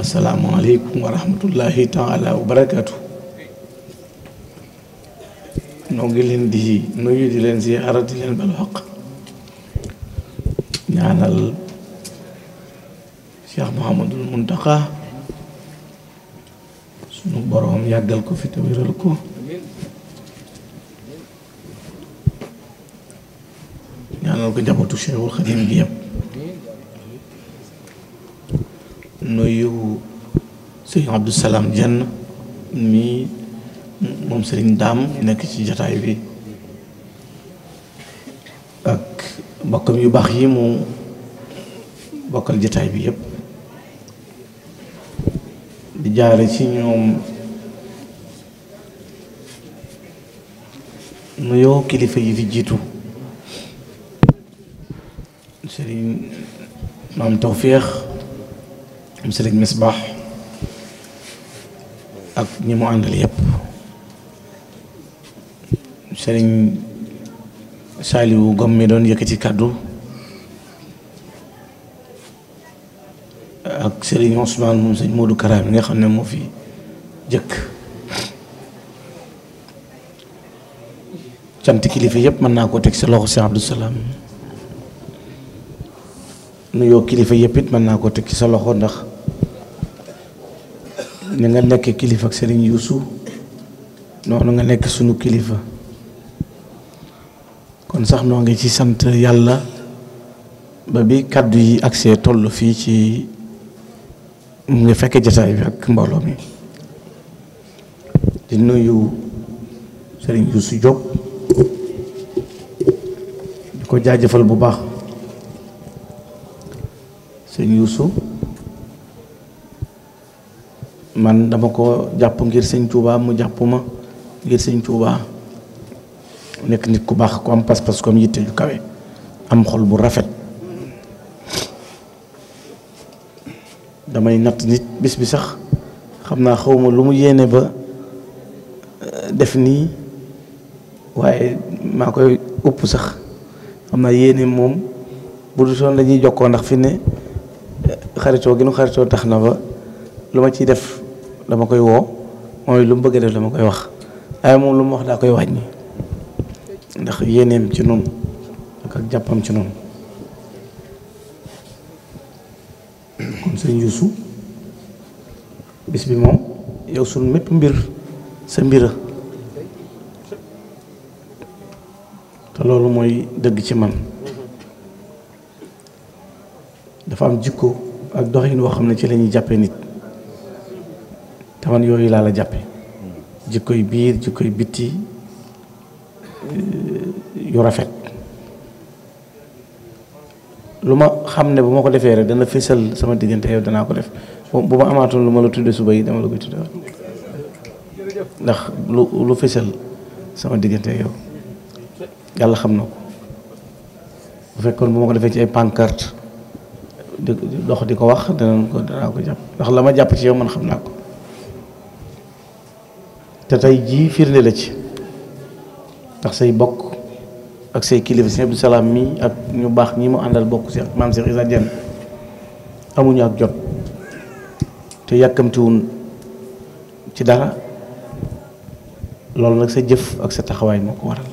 asalaamualeykum wa rahmatullahi taala wa noo ngi leen di nuyu di leen ziyaara di leen bal xaq ñaanal Cheikh Mouhamadul Muntaqa sunu boroom yàggal ko fi te wéral ko ñaanal ko njabootu Cheikhul Xadim gi yëpp sëriñ Abdou Salam mi moom sëriñ daam nekk ci jataay bi ak bokkam yu baax yi mu bokkal jataay bi yépp di jaare ci ñoom nuyoo kilifa yi fi jiitu sëriñ maam Tawféex am sëriñ Misbaax ak ñi mu àndal yépp sëriñ Saaliwu Gom mi doon yëkkati kàddu ak sëriñ Ousmane moom sëñ Modou Kara bi nga xam ne moo fi jëkk cant kilifa yépp mën naa koo teg sa loxo Cheikh Abdou Salam nuyoo kilifa yépp it mën naa koo teg ci sa loxo ndax ni nga nekk kilifa sëriñ Serigne Youssou noonu nga nekk sunu kilifa kon sax noo ngi ci sant yàlla ba bi kàddu yi ak see toll fii ci mu ngi fekk jataay bi ak mbooloo mi di nuyu Serigne Youssou Diop di ko jaajëfal bu baax Serigne Youssou man dama ko jàpp ngir sëñ Touba mu jàpp ma ngir sëñ Touba nekk nit ku baax ku am pas-pas comme yitte ju kawe am xol bu rafet damay natt nit bis bi sax xam naa xaw ma lu mu yéene ba euh, def nii waaye maa koy upp sax xam naa yéene moom bu du soon ñuy jokkoo ndax fi ne euh, xaritoo gi nu xaritoo tax na ba lu ma ciy def dama koy woo mooy lu mu bëgg a def dama koy wax waaye moom lu mu wax daa koy wàññi ndax yéeneem ci noonu ak jàppam ci noonu kon sëñ Yuusu bis bi moom yow suñ mépp mbir sa mbira te loolu mooy dëgg ci man dafa am jikko ak doxin woo xam ne ci lañuy jàppe nit te yooyu laa la jàppe jikkoy biir jikkoy bitti eh, yu rafet lu ma xam ne bu ma ko defee rek dana fésal sama diggante yow danaa ko def bu ma amaatoon lu ma la tudde suba yi dama la koy tudde ndax lu lu fésal sama diggante yow yàlla xam na ko bu fekkoon bu ma ko defee ci ay pancarte di dox di ko wax danañ ko danaa ko jàpp ndax la ma jàpp ci yow man xam naa ko te tey jii firnde la ci ndax say bokk ak say kilifa sëñ Abdou mi ak ñu baax ñi mu àndal bokk si maam Cheikh Issa Dieng amuñu ak jot te yàkkamtiwun ci dara loolu nag sa jëf ak sa taxawaay moo ko waral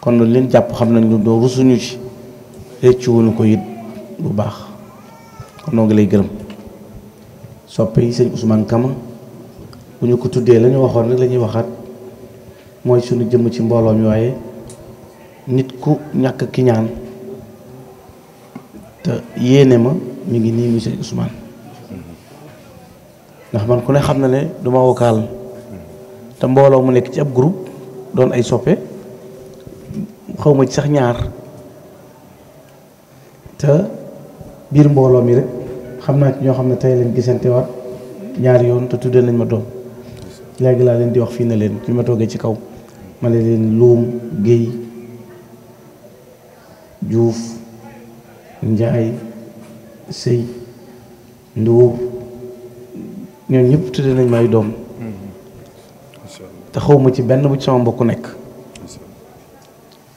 kon lu leen jàpp xam nañ lu doo rusuñu ci réccu wuñu ko it bu baax kon noo ngi lay gërëm soppe yi sëñ Ousmane Kama bu ñu ko tuddee lañuy waxoon nag la ñuy waxaat mooy suñu jëmm ci mbooloo mi waaye nit ku ñakk ki te yéene ma ñu ngi nii monsieur Ousmane ndax man ku ne xam na ne duma wokaal te mbooloo mu nekk ci ab groupe doon ay soppe xawma ci sax ñaar te biir mbooloo mi rek xam naa ci ñoo xam ne tey lañ gisante waat ñaari yoon te tuddee nañ ma doom léegi laa leen di wax fii na leen bi ma toogee ci kaw ma ne leen luum géey juuf njaay sëy nduur ñoom ñëpp tudde nañ may doom te xawma ci benn bu ci sama mbokk nekk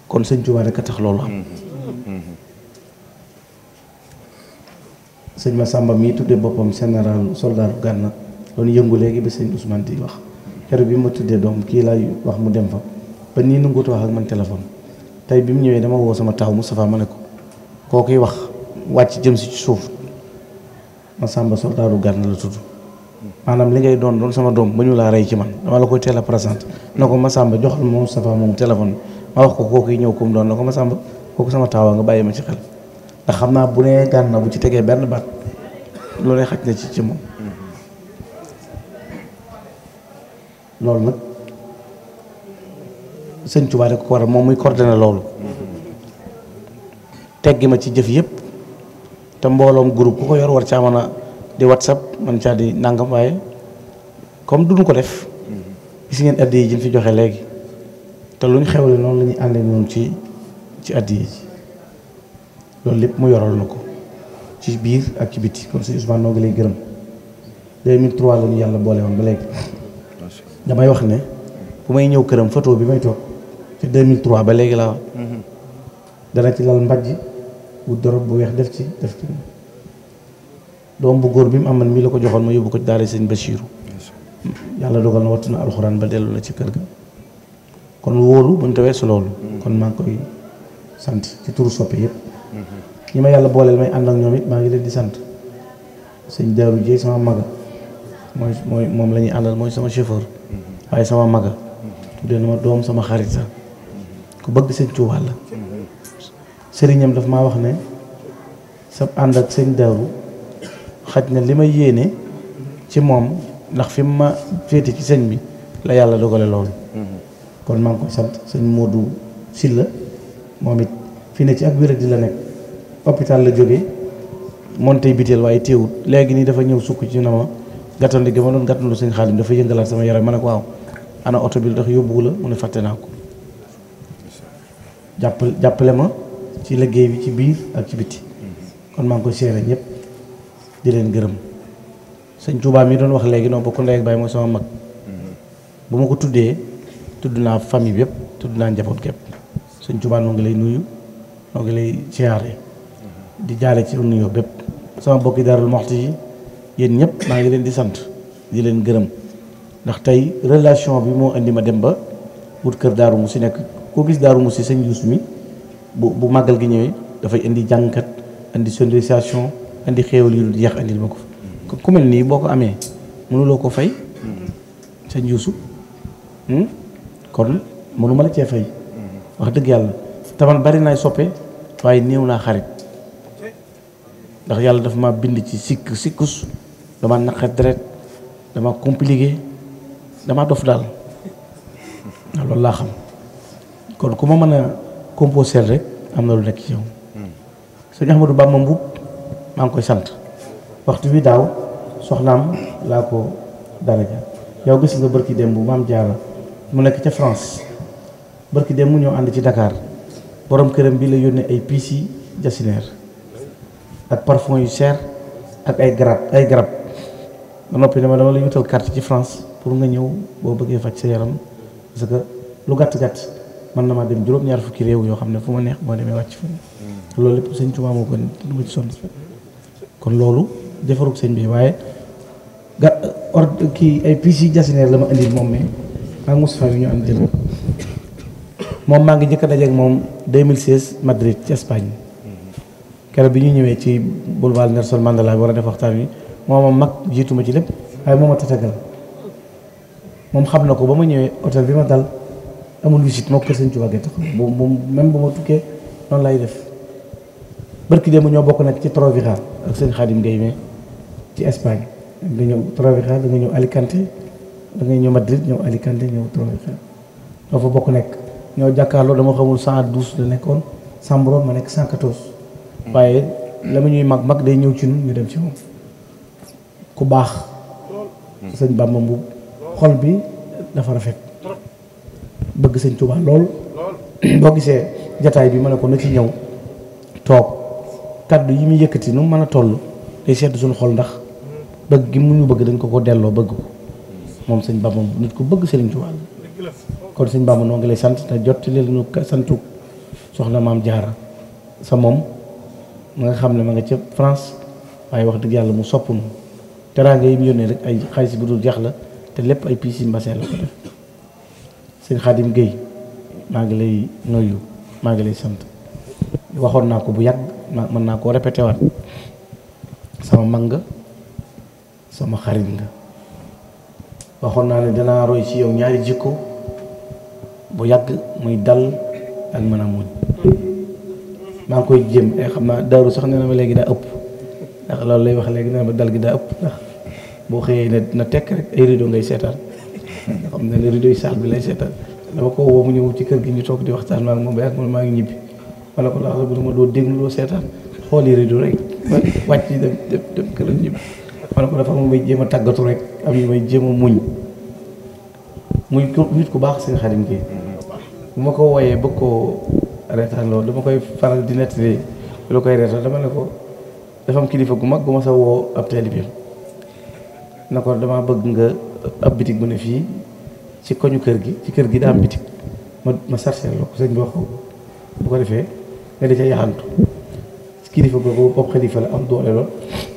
kon sëñ Tuubaa rek a tax loolu am sëñ Masamba mii tudde boppam général soldaru Gànna loolu yëngu léegi ba sëñ Ousmane di wax keroog bi ma tuddee doom kii laay wax mu dem fa ba nii nanguut wax ak man téléphone tey bi mu ñëwee dama woo sama taw Moustapha ma ne ko koo koy wax wàcc jëm si ci suuf ma sàmba soldaaru gànn la tudd maanaam li ngay doon doon sama doom ba laa rey ci man dama la koy teel a présenté na ko ma sàmba joxal ma Moustapha moom téléphone ma ko kooku ñëw ko mu doon na ko ma sàmba kooku sama taawa nga bàyyi ma ci xel ndax xam naa bu nee gànn bu ci tegee benn baat loolee xaj na ci ci moom loolu nag sëñ Tuubaa rek ko waral moom muy coordonné loolu teggi ma ci jëf yëpp te mbooloom group ku ko yor war caa di whatsapp man caa di nangam waaye comme duñu ko def gis ngeen addi yi jën fi joxe léegi te lu ñu xewle noonu la ñuy àndee ci ci addi yi loolu lépp mu yoral ko ci biir ak ci biti kon sëñ Ousmane noo ngi lay gërëm 2003 la ñu yàlla boole ba léegi damay wax ne bu may ñëw këram photo bi may toog ci 2003 ba léegi laa wax mhm. dana ci lal mbajj wut dorob bu weex def ci def ci doom bu góor bi mu am man mii la ko joxoon ma yóbbu ko daara seen Bachirou yàlla dogal na wattu na alxuraan ba dellu na ci kër ga kon wóolu buñ tawee su loolu mhm. kon maa koy sant ci turu soppe yëpp mhm. ñi ma yàlla booleel may ànd ñoom it maa ngi leen di sant sëñ Daaru Jéy sama maga mooy mooy moom lañuy ñuy àndal mooy sama chauffeur waaye sama maga tuddee na ma doom sama xarit sax ku bëgg seen Tuubaa la sëriñam daf maa wax ne sa ànd ak sëñ Daaru xaj na li may yéene ci moom ndax fi ma féete ci seen bi la yàlla dogale loolu kon maa ngi koy sant sëñ Moodu Silla moom it fi ne ci ak wér di la nekk hôpital la jóge montey biteel waaye téewut léegi nii dafa ñëw sukk ci na ma gàttandu gi ma doon gàttandu sëñ Xaadim dafa yëngalaat sama yaram ma ne ko waaw ana oto bi ndax yóbbuwu la mu ne fàtte naa ko jàppale ma ci liggéey bi ci biir ak ci biti kon maa ngi koy seere ñëpp di leen gërëm sëñ Tuubaa mi doon wax léegi noonu bokk ndey ak baay mooy sama mag bu ma ko tuddee tudd naa famille bi yëpp tudd naa njaboot gépp sëñ Tuubaa noo ngi lay nuyu noo ngi lay siyaare di jaale ci nuyoo bépp sama bokki Daarul Muxti yi yéen ñëpp maa ngi leen di sant di leen gërëm ndax tey relation bi moo indi ma dem ba wut kër Daaru mu si nekk koo gis Daaru Musi sëñ Yuus mi bu bu màggal gi ñëwee dafay indi jàngkat indi sonorisation indi xéewal yu dul jeex indil ma ko fa ku mel nii boo ko amee mënuloo ko fay sëñ Yuusu hmm? kon mënuma la cee fay wax dëgg yàlla taman bari naay soppe waaye néew naa xarit ndax yàlla dafa ma bind ci sikk sikkus dama naqar deret dama compliqué dama dof daal loolu laa xam kon ku ma mën a composer rek am na lu nekk ci yow sëñ Ahmadou Bamba Mbuub maa ngi koy sant waxtu bi daaw soxnaam laa ko daraja yow gis nga bërki démb maam jaara mu nekk ca France bërki dem mu ñëw ànd ci Dakar borom këram bi la yónnee ay piis yi jasineer ak parfum yu cher ak ay garab ay garab ba noppi dama dama lay wutal carte ci France pour nga ñëw boo bëggee faj sa yaram parce que lu gàtt gàtt man na maa dem juróom-ñaar fukki réew yoo xam ne fu ma neex boo demee wàcc fa loolu lépp sëñ Tuubaa moo ko lu kon loolu defarug sëñ bi waaye kii ay piis yi jasineer la ma indil moom mais ak Moustapha bi ñu am jël moom maa ngi njëkk a dajeeg moom 2016 Madrid ci Espagne keroog bi ñu ñëwee ci boulevard Nelson Mandela bi war a def waxtaan wi moo ma mag jiituma ci lépp waaye moo ma tatagal moom xam na ko ba ma ñëwee hôtel bi ma dal amul visite moo kër sëñ Tuubaa gee mu mu même ba ma tukkee noonu lay def dem démb ñoo bokk nag ci Trovira ak sëñ Xaadim Gueye ci Espagne da ñëw Trovira da nga ñëw Alicante da nga ñëw Madrid ñëw Alicante ñëw Trovira doo fa bokk nekk ñoo jàkkaarloo dama xamul cent douze la nekkoon Sambro ma nekk cent quatorze hmm. waaye la ma ñuy mag mag day ñëw ci ñun dem ci ku baax sëñ Bàmba mbubb xol bi dafa rafet bëgg sëñ Tuubaa lool boo gisee jataay bi ma ne ko na ci ñëw toog kàddu yi muy yëkkati nu mën a toll de sedd suñu xol ndax bëgg gi mu ñu bëgg dañ ko ko delloo bëgg ko moom sëñ Bàmba nit ku bëgg sëriñ Tuubaa la kon sëñ Bàmba noo ngi lay sant te jot leen ñu santu soxna maam jaara sa moom ma nga xam ne ma nga ca France waaye wax dëgg yàlla mu sopp nu teraanga yi mu yónnee rek ay xaalis bu dul jeex la te lépp ay piis yi mbasin la ko def sëñ Xaadim Guèye maa ngi lay noyu maa ngi lay sant waxoon naa ko bu yàgg mën naa koo répété waat sama mag nga sama xarit nga waxoon naa ne danaa roy ci yow ñaari jikko bu yàgg muy dal ak mën a muñ maa ngi koy jéem eh, xam naa daaru sax nee na ma léegi daa ëpp ndax loolu lay wax léegi nee na ma dal gi daa ëpp boo xëyee na na tekk rek ay rideau ngay seetaan xam na ne rideau yi salle bi lay seetaan dama ko woo mu ñëw ci kër gi ñu toog di waxtaan maa ngi moom ba ak man maa ngi ñibbi wala ko laa bu ma doo déglu doo seetaan xooli rideau rek wàcc dem dem dem kër ñibbi ko dafa mu may jéem a tàggatu rek am ñu may jéem a muñ muy nit ku baax seen xadim gi bu ma ko wooyee bëgg koo reetaan loolu dama koy faral di nettali lu koy reetaan dama ne ko dafa kilifa gu mag gu ma sa woo ab taalibeem na ko dama bëgg nga ab bitig bu ne fii ci koñu kër gi ci kër gi daa am bitig ma ma sarcel la ko bi wax ko bu ko defee nga di ca yaxantu kilifa googu boobu xalifa la am doole lool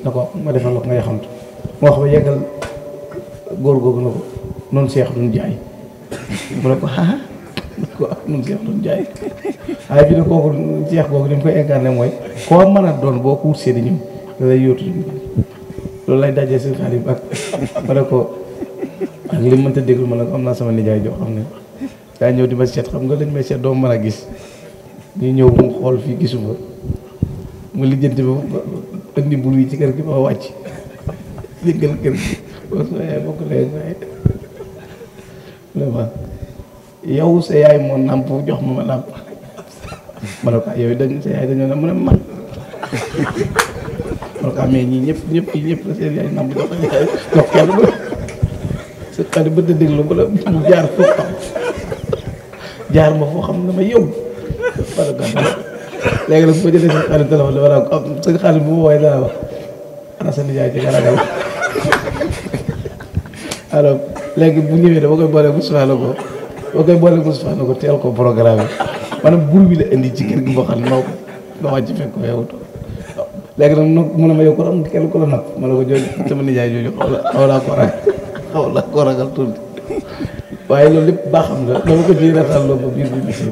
na ko ma defal la nga yaxantu moo xam ne yeggal góor googu na ko noonu seex duñ jaay mu ne ko ah ko bi ne kooku seex googu ni mu koy incarné mooy koo mën a doon boo ko wut see ñëw da lay yóotu loolu lay daje si xarit ak ma ne ko ak li mënta déglu ma ne am naa sama nijaay jox xam ne daa ñëw di ma seet xam nga lañ may seet doo mën a gis ñu ñëw mu xool fii gisuma mu lijjanti ba indi mburu yi ci kër gi ma wàcc yëngal kër yaay bokk na vraiment yow sa yaay moo nàmp jox ma ma nàmp ma ne ko ah yow dañ sa yaay dañoo ne mu ne man ah ñii ñëpp ñëpp ñëpp la seen yaay nam dafa dox kenn la mu jaar foo xam jaar ma foo xam ne ma yow par exemple léegi nag boo jëlee sa xale téléphone dafa naan ko am ah, sa xale ma woowee dana ana sa nijaay ci ragal alors léegi bu ñëwee dama koy boole Moustapha la ko boo koy ko teel ko programme maanaam bur bi la indi ci kër gi boo xam ne moo wàcc fekk ko léegi nag mu ne ma yow ko am kenn ku la napp ma ne ko jooju sama nijaay jooju xaw laa ko xaw laa ko ragal waaye loolu lépp baaxam la dama ko ciy rataal loolu ba biir bi bisi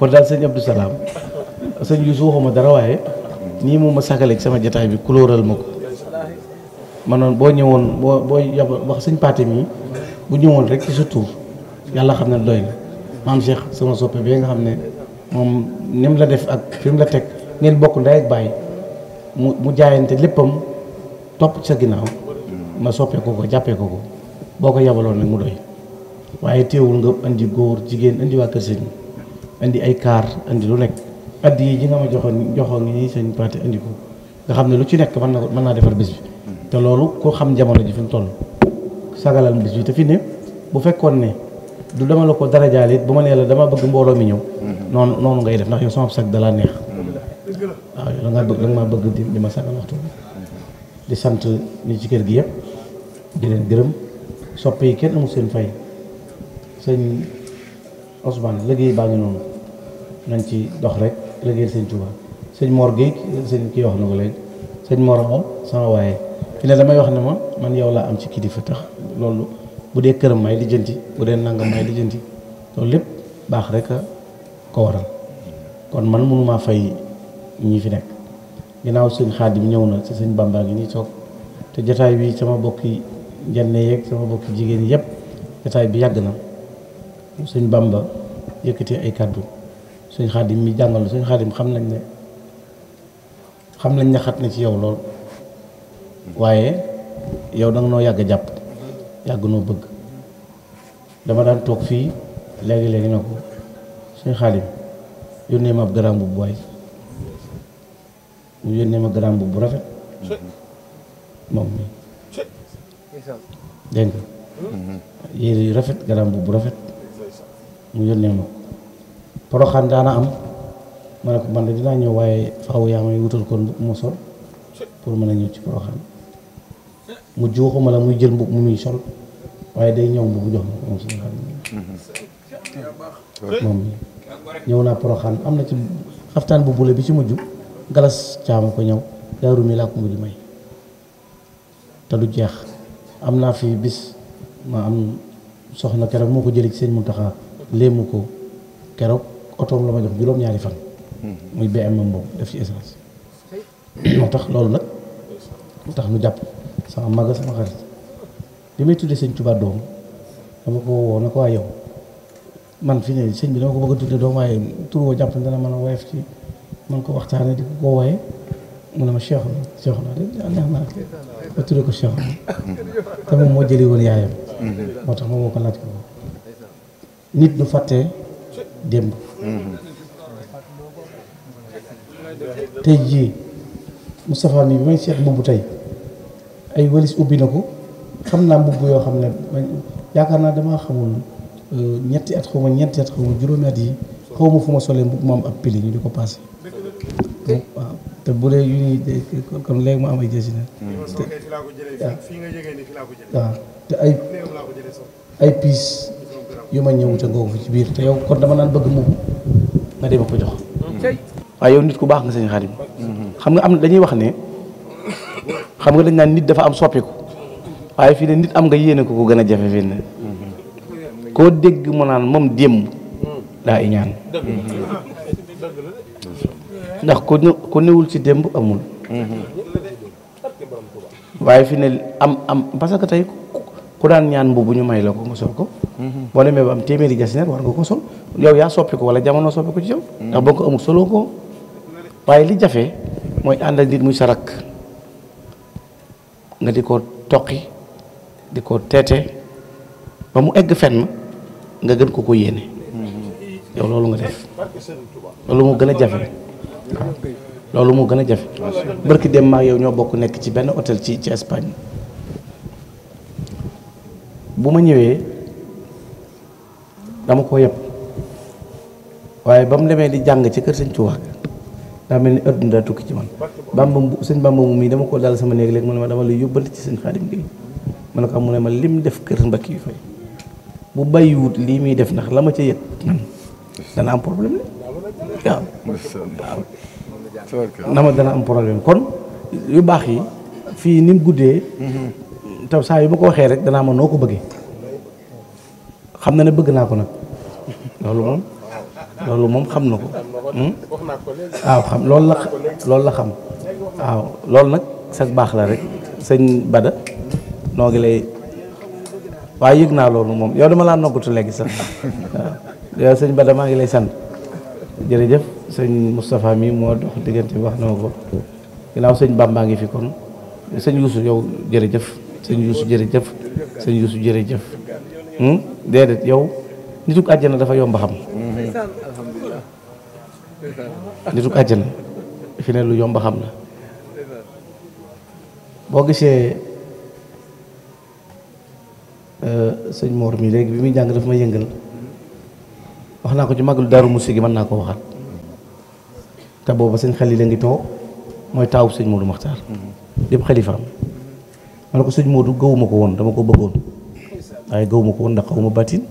kon daal waaye nii moom ma sakaleeg sama jataay bi kulóoral ma ko ma noonu boo ñëwoon boo boo yab wax sëñ paate mi bu ñëwoon rek ci sa yàlla xam ne doy na maam Cheikh sama soppe bi nga xam ne moom nim la def ak fim la teg ngeen bokk ndey ak bàyyi mu mu jaayante léppam topp ci sa ginnaaw ma mm. soppeeku ko jàppeeku ko boo ko yabaloon nag mu doy waaye teewul nga indi góor jigéen indi waa kër indi ay kaar indi lu nekk addi yi ji nga ma joxoon joxoon ni sëñ Paate indi ko nga xam ne lu ci nekk mën na mën naa defar bis bi mm. te loolu ko xam jamono ji fi mu toll sagalal bés bi te fi ne bu fekkoon ne du dama la ko darajaale it bu ma nee la dama bëgg mbooloo mi ñëw mm-hmm. noonu noonu ngay def ndax yow sama sag dalaa neex da nga bëgg da di di ma sàngal waxtu di sant ñi ci kër gi yëpp di leen gërëm sopp yi kenn amul seen fay seen Ousmane liggéey baa ngi noonu nañ ci dox rek liggéeyal sëñ Touba sëñ Mor Guèye sëñ kii wax na ko léegi sëñ Mor moom sama waaye fi ne damay wax ne ma man yow laa am ci kilifa tax loolu bu dee këram may lijjanti bu dee nangam may lijjanti loolu lépp baax rek a ko waral kon man mënumaa fay ñi fi nekk ginnaaw sëñ xaadim ñëw na ci sëñ bàmbaa ngi nii toog te jotaay bi sama bokki janne yeeg sama bokki jigéen yépp jotaay bi yàgg na sëñ bàmba yëkkati ay kàddu sëñ xaadim mi jàngal sëñ xaadim xam nañ ne xam nañ ne xat na ci yow lool waaye yow danga noo yàgg jàpp yàgg noo bëgg dama daan toog fii léegi-léegi na ko sëñ xaadim yónnee ma ab garaam bu waay mu yónnee ma garaam bu rafet moom mi dégg nga hmm. yére yu rafet garaam bu rafet mu yónnee ma poroxaan daana am ma ne ko man dinaa ñëw waaye faaw yaa may wutal kon mbubb mu sol pour mën a ñëw ci poroxaan mu juuxuma la muy jël mbubb mu muy sol waaye day ñëw mbubb jox ma ko moom suñu xam hmm. moom ñëw naa poroxaan am na ci xaftaan bu bule bi ci mujj galas caam ko ñëw daaru mi laa ko mujj may te du jeex am naa fi bis ma am soxna keroog moo ko jëlee ci sëñ Muntaxa léemu ko keroog otoom la ma jox juróom-ñaari fan hmm. muy BM boobu def ci essence moo tax loolu nag moo tax nu jàpp sama mag sama xarit bi may tuddee sëñ Tuubaa doom dama ko woo na ko waa yow man fi ne sëñ bi dama ko bëgg a tuddee doom waaye tur woo jàpp dana mën a woyof ci man ko waxtaanee di ko ko wooyee mu ne ma Cheikh la Cheikh de neex na ba tuddee moom moo jëli woon yaayam mm-hmm. moo tax moom moo ko laaj ko nit du fàttee démb mm-hmm. tey jii Moustapha mi bi may seet mbubb tey ay walis ubbi na ko xam naa mbubb yoo xam ne yaakaar naa damaa xamul euh, ñetti at xaw ma yi xaw ma fu ma solee mbubb ma am ab pili ñu di ko passé waaw te bu dee yu ñuy dee comme léegi mu am ay hmm. jësi na waaw te ay ay piis yu ma ñëw te ngoogu fi ci biir te yow kon dama naan bëgg mu nga dee ma ko jox hmm. waaye yow nit ku baax nga sëñ Xaadim hmm. xam nga am dañuy wax ne xam nga dañ naan nit dafa am soppiku waaye fii ne nit am nga yéene ko ko gën a jafe fii ne koo dégg mu naan moom démb daa iñaan ndax ku ne ku newul ci démb amul. waaye fi ne am am parce que tey ku daan ñaan mbubu ñu may la ko nga sol ko. boo demee ba am téeméeri jasineer war nga ko sol yow yaa soppi ko wala jamono soppi ko ci yow. ndax boo ko amul soloo ko waaye li jafe mooy ànd ak nit muy sarak nga di ko toqi di ko teete ba mu egg fenn nga gën ko ko yéene. yow loolu nga def loolu moo gën a jafe. loolu moo gën a jafe barki dem maa yow ñoo bokk nekk ci benn hôtel ci ci Espagne bu ma ñëwee dama koo yëpp waaye ba mu demee di jàng ci kër sëñ Tuubaa daa mel ni adduna tukki ci man bamba sëñ bamba mu mii dama ko dal sama néeg léegi mu ne ma dama la yóbbal ci seen Xaadim Géey ma ne ko am mu ne ma lim def kër mbakki yu fay bu bàyyiwut lii muy def ndax la ma ca yëg dana am problème la waaw na ma dana am problème kon yu baax yi fii ni mu guddee taw saa yu ma ko waxee rek danaa ma noo ko bëggee xam na ne bëgg naa ko nag loolu moom loolu moom xam na ko hmm? waaw loolu la xam waaw loolu nag sax baax la rek sëñ Bada noo ngi lay waaye yëg naa loolu moom yow dama laa noggatu léegi sax waaw yow sëñ Bada maa ngi lay sant jërëjëf sëñ Moustapha mii moo dox diggante bi wax na ma ko ginnaaw sëñ Bàmbaa ngi fi kon sëñ Youssou yow jërëjëf sëñ Youssou jërëjëf sëñ Youssou jërëjëf hmm? déedéet yow nituk àjjana dafa yomb xam nituk àjjana fi ne lu yomb xam la boo gisee euh, sëñ moor mi léegi bi muy jàng dafa ma yëngal wax naa ko ci màggalu daaru musi gi mën naa ko waxaat te booba sëñ xalil la ngi toog mooy taawu sëñ Moodu Maxtaar dem xalifaam ma ne ko sëñ Moodu gawuma ko woon dama ko bëggoon waaye gawuma ko woon ndax xaw ma batin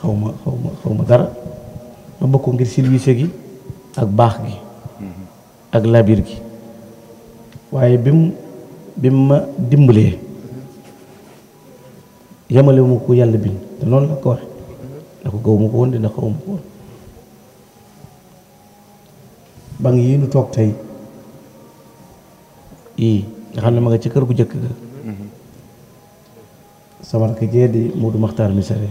xaw ma xaw ma xaw ma dara ma bëgg ko ngir silwiise gi ak baax gi ak labir gi waaye bi mu bi mu ma dimbalee yamale ma yàlla bind te noonu la ko waxe da ko gawuma koon woon dina xawuma ko woon ba ngi yii nu toog tey yii nga xam ne ma nga ci kër gu jëkk ga sama rakk jee di Moodu Maxtaar mi sere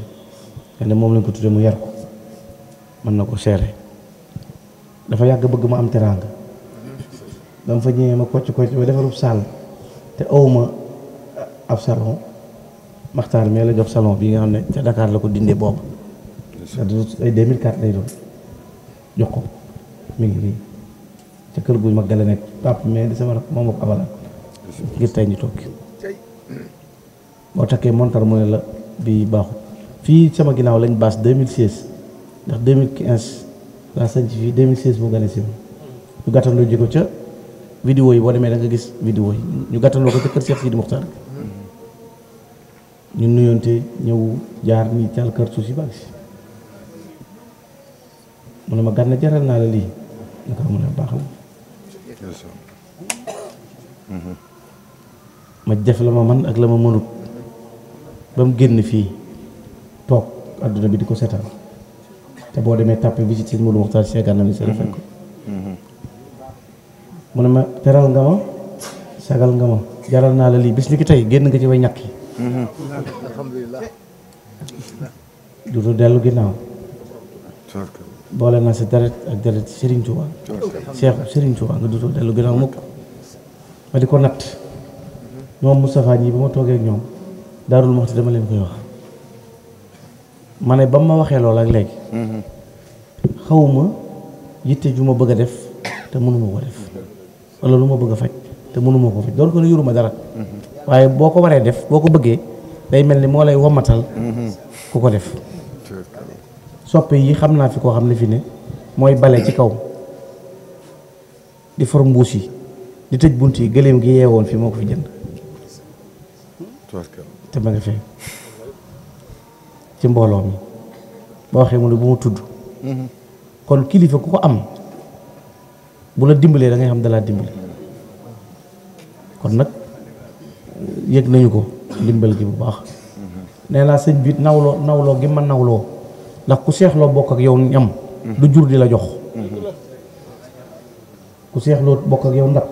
ne moom lañ ko tudde mu yar ko mën na ko seere dafa yàgg bëgg ma am teraanga dama fa ñëwee ma kocc kocc ba defarub sàll te awma eh, ab salon Maxtaar mee la jox salon bi nga xam ne ca Dakar la ko dindee boobu ay mil 2004 lay doon jox ko mi ngi nii ca kër gu mag la nekk papa mais di sama rakk moom ak abala ngir tey ñu tokki boo takkee montar mu la bi baaxut fii sama ginnaaw lañ baas 2016 ndax 2015 laa sanc fii 2016 mu gane si ñu gàttaloo ji ko ca vidéo yi boo demee da nga gis vidéo yi ñu gàttaloo ko ca kër Cheikh Sidi Muxtaar ñu nuyoonte ñëw jaar ñi caal kër suuf si baax si mu ne ma gànna jaral naa la lii na ko mun baax la ma def la ma man ak la ma mënut ba mu génn fii toog àdduna bi di ko seetaan te boo demee tàppe bi ci sëñ Modou Mokhtar Cheikh Gana Messere mm-hmm. mm-hmm. mu ne ma teral nga ma sagal nga ma jaral naa la lii bis ni ki tey génn nga ci way ñàkk yi mm-hmm. dellu ginnaaw boole na sa deret ak deret Serigne Touba Cheikh Serigne Touba nga dutoo dellu gannaaw mukk ma di ko natt ñoom Moustapha ñi ba ma toogee ak ñoom daarul maxti dama leen koy wax ma ne ba ma waxee loolu ak léegi xawma yitte ju ma bëgg a def te mënuma ko def wala lu ma bëgg a faj te mënuma ko faj doon ko ne yuruma dara waaye boo ko waree def boo ko bëggee day mel ni moo lay wommatal ku ko def soppe yi xam naa fi koo xam ne fi ne mooy bale ci kaw di for mbuus yi di tëj bunt yi gëléem gi yeewoon fi moo ko fi jënd te ma nga fee ci mbooloom mi ba waxee mu ne bu mu tudd kon kilifa ku ko am bu la dimbalee da ngay xam dalaa dimbale kon nag yëg nañu ko dimbal gi bu baax nee naa sëñ bi nawloo nawloo gi ma nawloo ndax ku seexloo bokk ak yow ñam du jur di la jox ku seexloo bokk ak yow ndab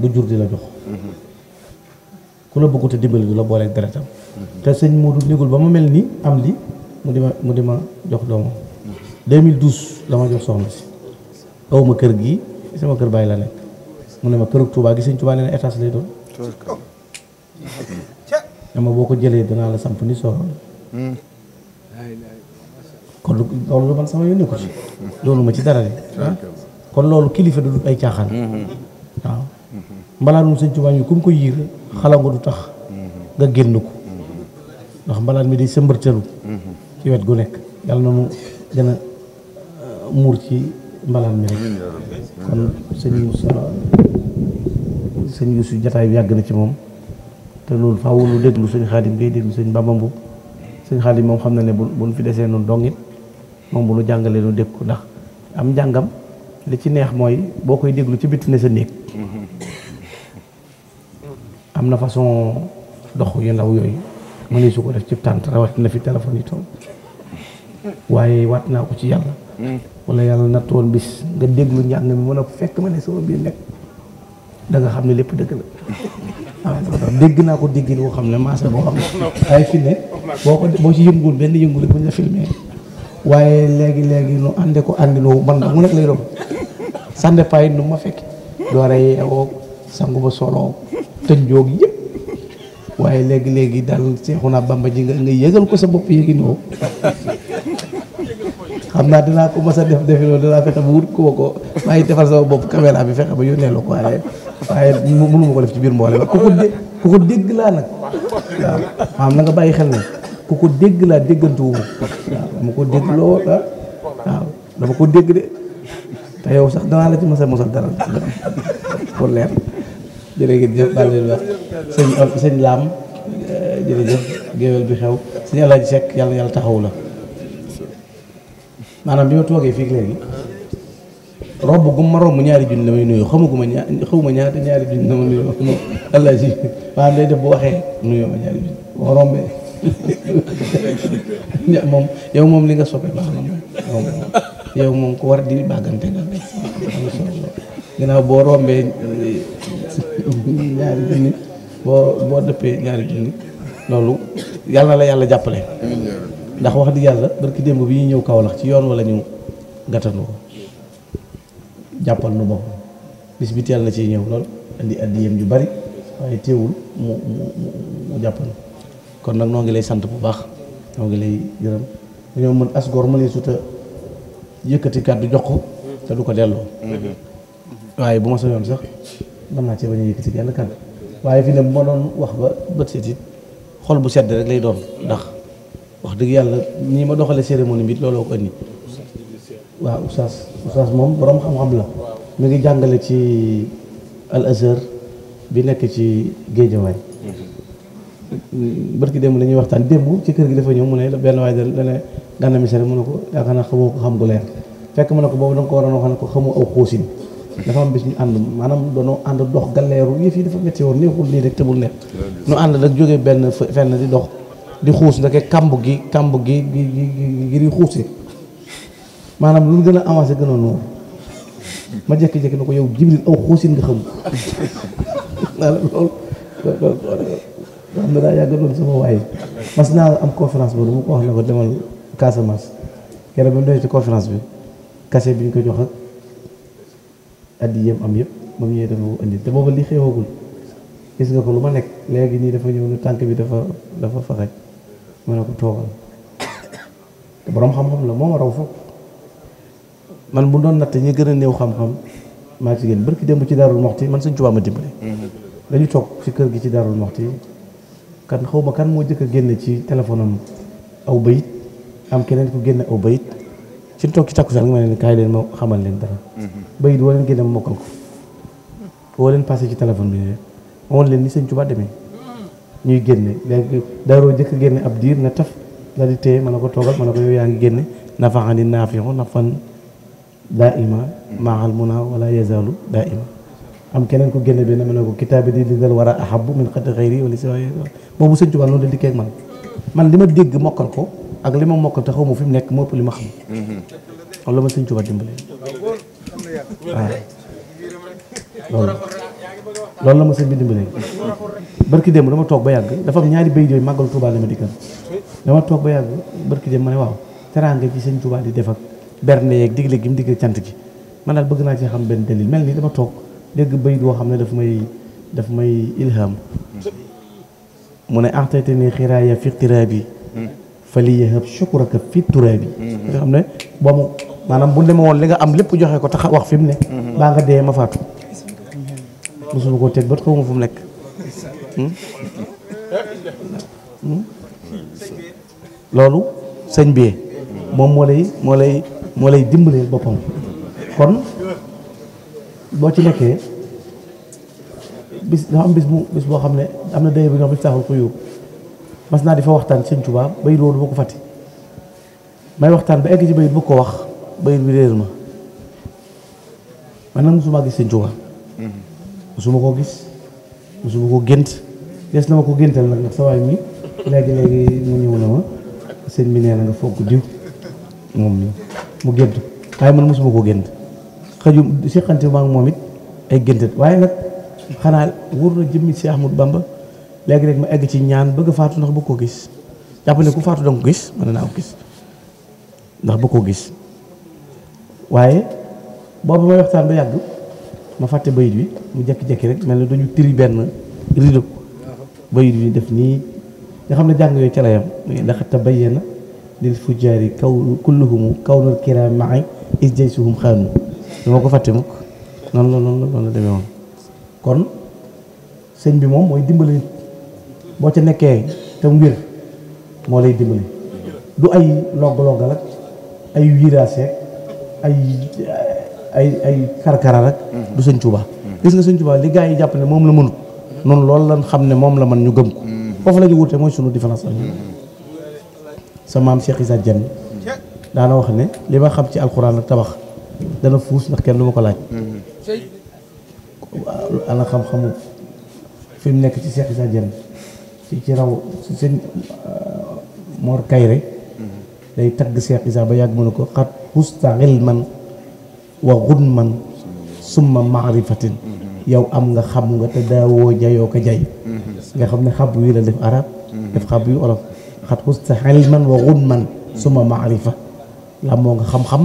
du jur di la jox ku la bëggut a dimbali du la booleeg deretam te sëñ Modou négul ba ma mel ni am li mu di ma mu di ma jox doomam 2012 la ma jox soxna si aw kër gi sama kër bàyyi la nekk mu ne ma këru Touba gi sëñ Touba nee na lay doon dama boo ko jëlee danaa la samp ni soxla hmm. kon loolu man sama yónne ko ci loolu ma ci dara de ah. kon loolu kilifa du ay caaxaan mm-hmm. waaw mbalaanum sëñ Tuubaa yi ku mu ko yiir xala du tax mm-hmm. nga génn ko mm-hmm. ndax mbalaan mi di sëmbërtalu ci wet gu nekk yàlla na mu gën a euh, muur ci mbalaan mi rek kon sëñ Moussa sëñ jataay bi yàgg na ci moom te loolu faaw lu déglu sëñ Xaadim ngay déglu sëñ Bamba Mbuub sëñ Xaadim moom xam na ne bu buñ fi desee noonu dongit moom bu nu jàngalee nu ko ndax am njàngam li ci neex mooy boo koy déglu ci bitti ne sa néeg am na façon dox yu ndaw yooyu mënee su ko def ci tànt rawat na fi téléphone yi toll waaye waat naa ko ci yàlla wala yàlla natt woon bis nga déglu njàng mi mën a fekk ma ne sama biir nekk da xam ne lépp dëgg la dégg naa ko dégg boo xam ne maasa boo xam ne waaye fi boo ko boo ci yëngul benn yëngul bu ñu la filmé waaye léegi léegi nu ànde ko àndinu man nag mu nekk lay doon sànde pay nu ma fekk doore yeewoo sangu ba soloo tënjoog yëpp waaye léegi léegi daal Seexuna Bàmba ji nga nga yëgal ko sa bopp yëginoo xam naa dinaa ko ma a def defi loolu dinaa fexe ba wut koo ko maa defal sama bopp caméra bi fexe ba yónnee la ko waaye waaye mënu ko def ci biir mboole ba ko ko dégg laa nag waaw maam na nga bàyyi xel ne ku ko dégg laa déggantuwuma waaw mu ko dégg loo ah. waaw dama ko dégg de te yow sax danaa la ci mos a mosal dara pour leer jërëjëf baal leen wax sëñ sëñ eh, géwél bi xew sëñ Alaaji Sekk yàlla yàlla taxawu la maanaam bi ma toogee fii léegi robb gu ma romb ñaari junni la may nuyoo xamaguma ñaar ñaata ñaari junni la ma nuyoo Alaaji maanaam day def bu waxee nuyoo ma ñaari junni boo rombee moom yow moom li nga soppe baax na moom yow moom ku war di bàggante nga ginnaaw boo rombee ñaari junni boo boo dëppee ñaari junni loolu yàlla la yàlla jàppale ndax wax dëgg yàlla barki démb bi ñu ñëw lax ci yoon wala ñu gàttandu ko jàppal nu bopp bis bi teel ci ñëw lool indi addi yem ju bari waaye teewul mu mu mu jàppal kon nag noo ngi lay sant bu baax noo ngi lay gërëm dañoo mën asgoor ma ne suta yëkkati kàddu jox ko te du ko delloo waaye bu ma yoon sax naa cee a yëkkati genn kàddu waaye fi ma doon wax ba bët set bu sedd rek lay doon ndax wax dëgg yàlla nii ma doxalee cérémonie bi looloo ko indi moom borom xam-xam la mu ngi jàngale ci al azhar bi nekk ci géejawaay barki démb la ñuy waxtaan démb ci kër gi dafa ñëw mu ne la benn waay da ne daan misère mu ne ko yaakaar naa xamoo ko xam gu leer fekk mu ne ko boobu da nga ko waroon wax ne ko yi dafa métti woon neexul nii rek te bul nekk nu ànd nag jógee benn fenn di dox di xuus ndeke kamb gi kamb gi gi gi gi di xuuse maanaam lu gën a avancé gën noonu ma jékki-jékki ko yow jibril aw xuusin nga xam loolu nga xam ne daa yàgg doon sama waay mas naa am conférence boobu mu ko wax na ko demal Casamance keroog ba mu demee ci conférence bi kase bi ñu ko jox ak addi yem am yëpp moom ñëwee dafa ko te booba li xewagul gis nga ko lu ma nekk léegi nii dafa ñëw ne tànk bi dafa dafa faxaj ma ne ko toogal te borom xam-xam la moo ma raw foofu man bu doon natt ñi gën a néew xam-xam maa ci gën barki démb ci daarul moxti man suñ tubaab ma dimbale mm-hmm. dañu toog ci kër gi ci daarul moxti kan xaw ma kan moo jëkk a génn ci téléphone am aw bayit am keneen ku génn aw bayit ci toog ci takkusaan ma leen kaay leen ma xamal leen dara. Mm-hmm. bayit woo leen génne ma mokkal ko woo leen passé ci téléphone bi rek woon leen ni sëñ Tuubaa demee ñuy génne daroo jëkk a génne ab diir na taf daal di téye ma ne ko toogal ma ne ko yow yaa ngi génne nafaxani naafixu nafan daa ima maaxal munaa wala yazaalu daa ima am keneen ku génne benn mu ne ko kitaabi bi di dal war a ahabu min xati xëyri boobu sëñ Tuubaa loolu la dikkee ak man man li ma dégg mokkal ko ak li ma mokkal te xaw fi mu nekk moo ëpp li ma xam mm-hmm. loolu ma sëñ Tuubaa dimbale waaw loolu la ma sëñ bi dimbalee barki démb dama toog ba yàgg dafa am ñaari béy màggal Tuubaa la ma dikkal dama toog ba yàgg barki démb ma ne waaw teraanga ci sëñ Tuubaa di def ak bernde yeeg digle gi mu digle cant gi man daal bëgg naa ci xam benn dalil mel ni dama toog dégg bayit woo xam ne dafa may daf may ilham mu ne axtayte ni xiraaya fi bi fa li yahab shukraka fi turaabi nga xam ne boo mu maanaam bu demee woon li nga am lépp joxe ko tax wax fi mu ne baa nga dee ma faatu mosuma koo teg bët xaw ma fu mu nekk loolu sëñ bi moom moo lay moo lay moo lay dimbaleel boppam kon boo ci nekkee bis dafa am bis bu bis boo xam ne am na day bi nga xam ne taxul ko yóbbu mas naa di fa waxtaan sëñ Tuubaa bay woo du ma ko fàtte may waxtaan ba egg ci bayit bu ko wax bayit bi réer ma man nag mosuma gis sëñ Tuubaa mosuma koo gis mosuma koo gént des na ma ko géntal nag nag sa waay mi léegi mu ñëw na ma sëñ bi nee na nga foog diw mu gént waaye man mosuma koo gént xaju siqante ma moom it ay géntat waaye nag xanaa wóor na jëmmi si Ahmadu Bamba léegi rek ma egg ci ñaan bëgg faatu ndax bëgg koo gis jàpp ne ku faatu danga ko gis mën naa ko gis ndax bëgg koo gis waaye boobu may waxtaan ba yàgg ma fàtte bayit bi mu jekki-jekki rek mel na dañu tiri benn rido bayit bi def nii nga xam ne jàng yooyu ca la yam laqad tabayyana lil fujjaari kaw kulluhumu kawnul kiraam ma'i is jaysuhum xaanu du ma ko fàtte mukk noonu la noonu la noonu la kon sëñ bi moom mooy dimbali boo ca nekkee tam wér moo lay dimbali du ay logg-loggal ak ay wiiraase ay ay ay karkara rek du sëñ Tuubaa gis nga sëñ Tuubaa li gaa yi jàpp ne moom la mënut noonu loolu lan xam ne moom la man ñu gëm ko foofu la ñu wute mooy sunu différence ak sa maam Cheikh Issa daana wax ne li ma xam ci alxuraan ak tabax dana fuus ndax kenn du ma ko laaj ana xam-xamu fi mu nekk ci Cheikh Issa Diène ci ci raw ci sëñ euh, Mor Kayre day tagg Cheikh Issa ba yàgg mënu ko xat xusta ilman wa xudman summa maarifatin yow am nga xam nga te daawoo jayoo ko jay xam ne xab wii la def arab def xab wa xudman summa maarifa la nga xam-xam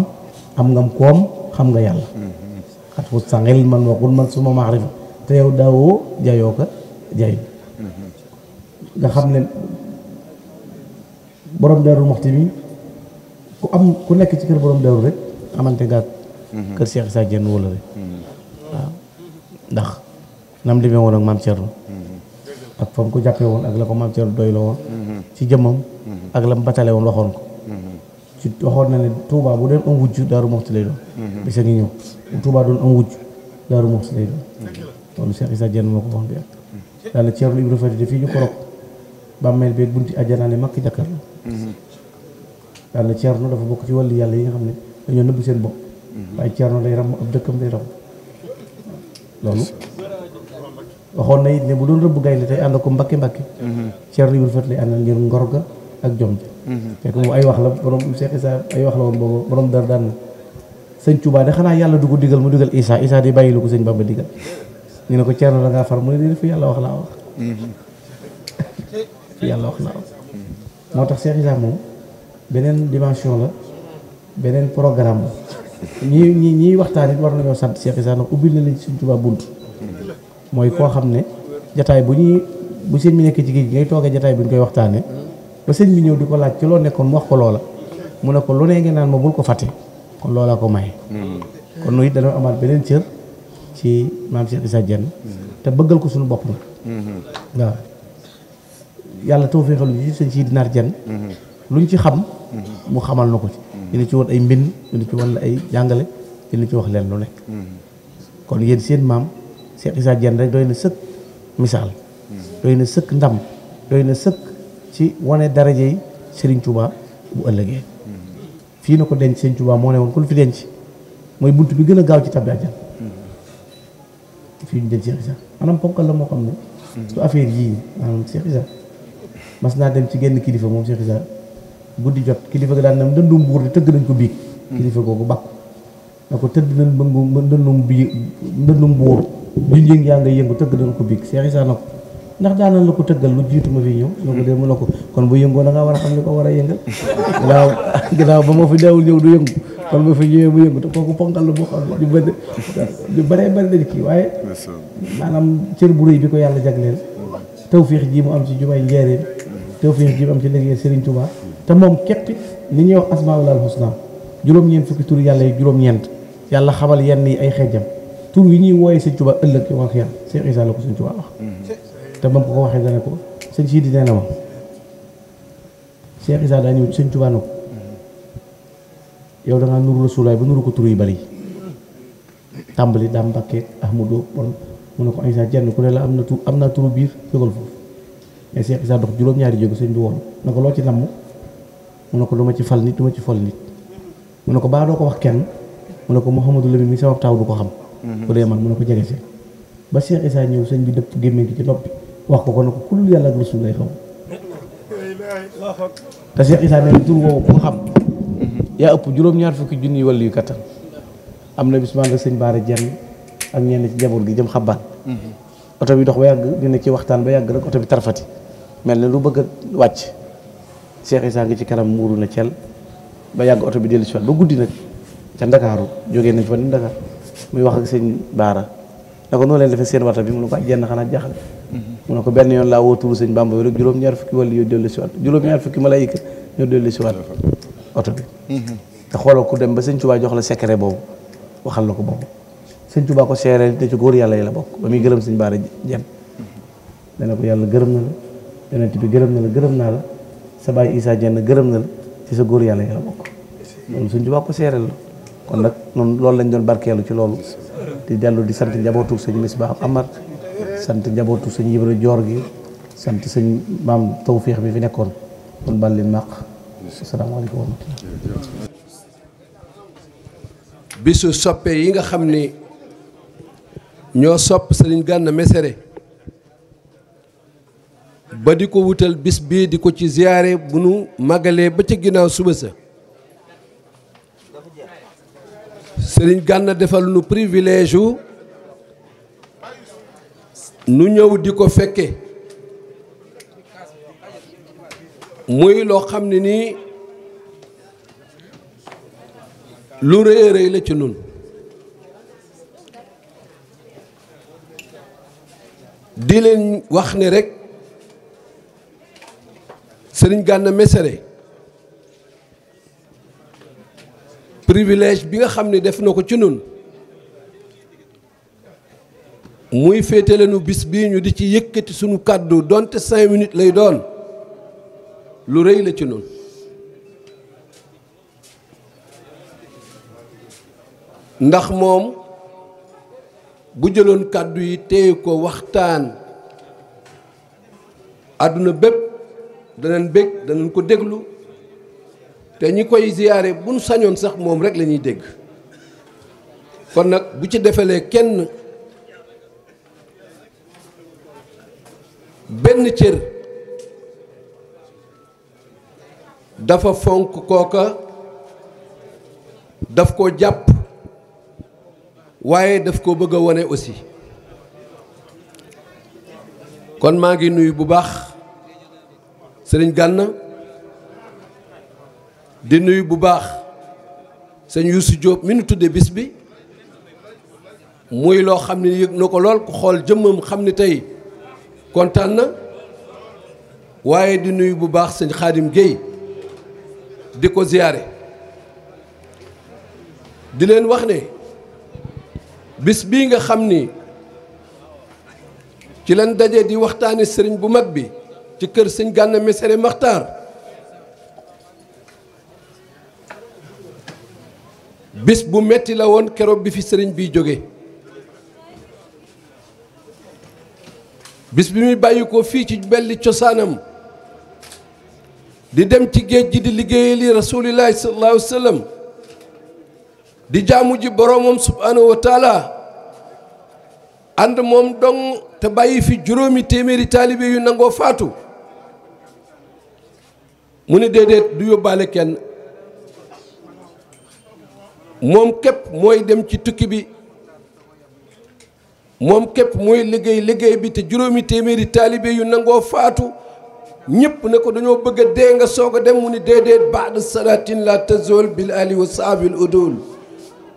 am ngam koom xam nga yàlla xat fut sangil man waxul man suma maarifa te yow daawoo jayoo ko jay nga xam ne borom daaru moxti bi ku am ku nekk ci kër borom daaru rek amante nga kër Cheikh Issa Dieng wala rek waaw ndax nam demee woon ak maam Thierno ak fa mu jàppee woon ak la ko maam Thierno doy la woon mhm. ci jëmmam mhm. ak la mu batale woon waxoon ko ci waxoon na ne Touba bu doon am wujj Daaru Muxti lay doon. Mhm. bés a ngi ñëw bu Touba doon am wujj Daaru Muxti lay doon. loolu Cheikh Issa Diène moo ko wax bi ak daal na Ceerno ñu ko rop bàmmeel beeg bunti àjjana ne makk jàkkar la. daal mhm. dafa bokk ci wàllu yàlla yi nga xam ne dañoo nëbb seen bopp. Mhm. waaye Ceerno day ràmm ab dëkkam day ràmm loolu. waxoon na it ne bu doon rëbb gaynde tey ànd ko mbakki mbakki. Ceerno Ibra Fati lay àndal ngir ngor ga. ak jom ja mhm. fekk moom ay wax la borom Cheikh ay wax la woon boobu borom dara daan na sëñ Touba de xanaa yàlla du ko digal mu digal Issa Issa di bàyyi lu ko sëñ Bamba digal ñu ne ko Thierno la ngaa far mu ne def yàlla wax laa wax mhm. fi yàlla wax laa wax moo tax Cheikh Issa moom beneen dimension la beneen programme la ñi ñii ñiy waxtaan it war nañoo sant Cheikh Issa ndax ubbil na leen sëñ Touba bunt mooy koo xam ne jataay bu ñuy bu seen mi nekk ci géej gi ngay jataay bu koy waxtaanee ba sëñ bi ñëw di ko laaj ci loo nekkoon mu wax ko loola mu ne ko lu ne ngeen naan ma bul ko fàtte kon loola ko may hmm. kon nu it dañoo amaat beneen cër ci maam Cheikh Issa hmm. te bëggal ko suñu bopp na hmm. waaw yàlla taw fee xel yi sëñ luñ ci xam mu xamal na ko ci dina ci woon ay mbind dina ci woon ay jàngale dina ci wax leen lu nekk kon yéen seen maam Cheikh Issa Diène rek doy na sëkk misaal doy na sëkk ndam doy na sëkk ci wane daraje yi Serigne Touba bu ëllëgee fii na ko denc Serigne Touba moo ne woon ku lu fi denc mooy bunt bi gën a gaaw ci tabbi àjjana fii ñu denc Cheikh Issa maanaam ponkal la moo xam ne su affaire yii maanaam mas naa dem ci genn kilifa moom Cheikh Issa guddi jot kilifa ga daan nam dëndum buur di tëgg nañ ko biig kilifa googu bàkk na ko tëdd nañ bëngu dëndum bi buur bi yëng yaa nga yëngu tëgg nañ ko biig Cheikh Issa na ko ndax daanañ la ko tëggal lu jiitu ma fi ñëw ñoo ko dee mu ne ko kon bu yëngoo da ngaa war a xam ne ko war a yëngal ginnaaw ginnaaw ba ma fi deewul ñëw du yëngu kon ba fi ñëwee mu yëngu te kooku ponkal la boo xam ne ñu bëri ñu bëree bëri dañ kii waaye maanaam cër bu réy bi ko yàlla jagleel tawfiix ji mu am ci jumay njeereen tawfiix ji mu am ci liggéey Serigne Touba te moom képp li ñuy wax asmaul husna juróom-ñeent fukki tur yàlla yi juróom-ñeent yàlla xamal yenn yi ay xeejam tur yi ñuy wooyee Serigne Touba ëllëg yo wax te ba mu ko waxee dana ko sëñ Sidi nee na ma Cheikh Issa daa ñëw sëñ Tuubaa ko yow da ngaa nuru Rasulaay ba nuru ko tur yu bari tàmbali daa Mbàkke Ahmadu bon mu ne ko Isa jenn ku ne la am na tur am naa turu biir jógal foofu mais Cheikh Issa dox juróom-ñaari jógu sëñ bi woon na ko loo ci namm mu ne ko du ma ci fal nit du ci fol nit mu ne ko baa doo ko wax kenn mu ne ko Mouhamadou Lamine mi sama taw du ko xam bu mhm. dee man mu ne ko jege si ba Cheikh sëñ bi dëpp gémmiñ gi ci noppi wax ko ko ne ko ku dul yàlla ak rasul lay xaw te Cheikh Issa nee na tur xam yaa ëpp juróom-ñaar fukki junni wala yu kattan am na bis maa ngi sëñ Baara Dieng ak ñenn ci jaboot gi jëm xabaar mm-hmm. oto bi dox ba yàgg dina ci waxtaan ba yàgg rek oto bi tarfati mel ne lu bëgg a wàcc Cheikh Issa ngi ci kanam muuru na ba yàgg oto bi dellu si waat ba guddi nag ca Ndakaaru jógee nañ fa ni Ndakaar muy wax ak sëñ Baara na ko noo leen defee seen wata bi mu ne ko jenn xanaa jaaxal mu ne ko benn yoon laa woo turu sëñ Bàmba bi rek juróom-ñaar fukki wala yu dellu si waat juróom ñoo dellu si waat oto bi te xoolal ku dem ba sëñ Tuubaa jox la secret boobu waxal la ko boobu sëñ Tuubaa ko seere te ci góor yàlla yi la bokk ba muy gërëm sëñ Baara Jeen dana ko yàlla gërëm na bi gërëm na gërëm naa la sa baay Isaa Jeen gërëm na sa góor yàlla yi la bokk loolu sëñ Tuubaa ko seereel la kon nag noonu loolu lañ doon barkeelu ci loolu di dellu di sant njabootu sëñ Misbaax Amar sant njabootu sëñ Ibra Joor gi sant sëñ maam tawfiix bi fi nekkoon kon baal leen maq asalaamaaleykum bisu soppe yi nga xam ni ñoo sopp Sëriñ Gana Messere ba di ko wutal bis bii di ko ci ziyaare bu nu màggalee ba ci ginnaaw suba sa Sëriñ Gana defal nu privilège nu ñëw di ko fekke muy loo xam ne nii lu rëy rëy la ci nun di leen wax ne rek Serigne Gana Messere privilège bi nga xam ne def na ko ci nun muy féetale nu bis bii ñu di ci yëkkati sunu kàddu donte cinq lay doon lu rëy la ci noonu ndax moom bu jëloon kàddu yi téye ko waxtaan àdduna bépp danañ bég danañ ko déglu te ñi koy ziyaare buñ sañoon sax moom rek la dégg kon nag bu ci defalee kenn benn cër dafa fonk kooka daf ko jàpp waaye daf ko bëgg a wone aussi kon maa ngi nuyu bu baax sëriñ Gànna di nuyu bu baax sëñ Youssou Diop mi nu tudde bis bi muy loo xam ne yëg na ko lool ku xool jëmmam xam ni tey kontaan na waaye di nuyu bu baax sëñ Xaadim Guèye di ko ziyaare di leen wax ne bis bii nga xam ni ci lañ daje di waxtaane sëriñ bu mag bi ci kër sëñ Gana Messere Maxtaar bis bu metti la woon keroog bi fi sëriñ bi jóge bis bi muy bàyyi ko fii ci belli cosaanam di dem ci géej gi di liggéeya li rasulillahi sallallahu di jaamu ji boroomam subhaanahu wa taala ànd moom dong te bàyyi fi juróomi téeméeri taalibe yu nangoo faatu mu ni déedéet du yóbbaale kenn moom képp mooy dem ci tukki bi moom képp mooy liggéey liggéey bi te juróomi téeméeri taalibe yu nangoo faatu ñëpp ne ko dañoo bëgg a dee nga soog a dem mu ni déedéet baada salaatin la tazol bil ali wa saabil udul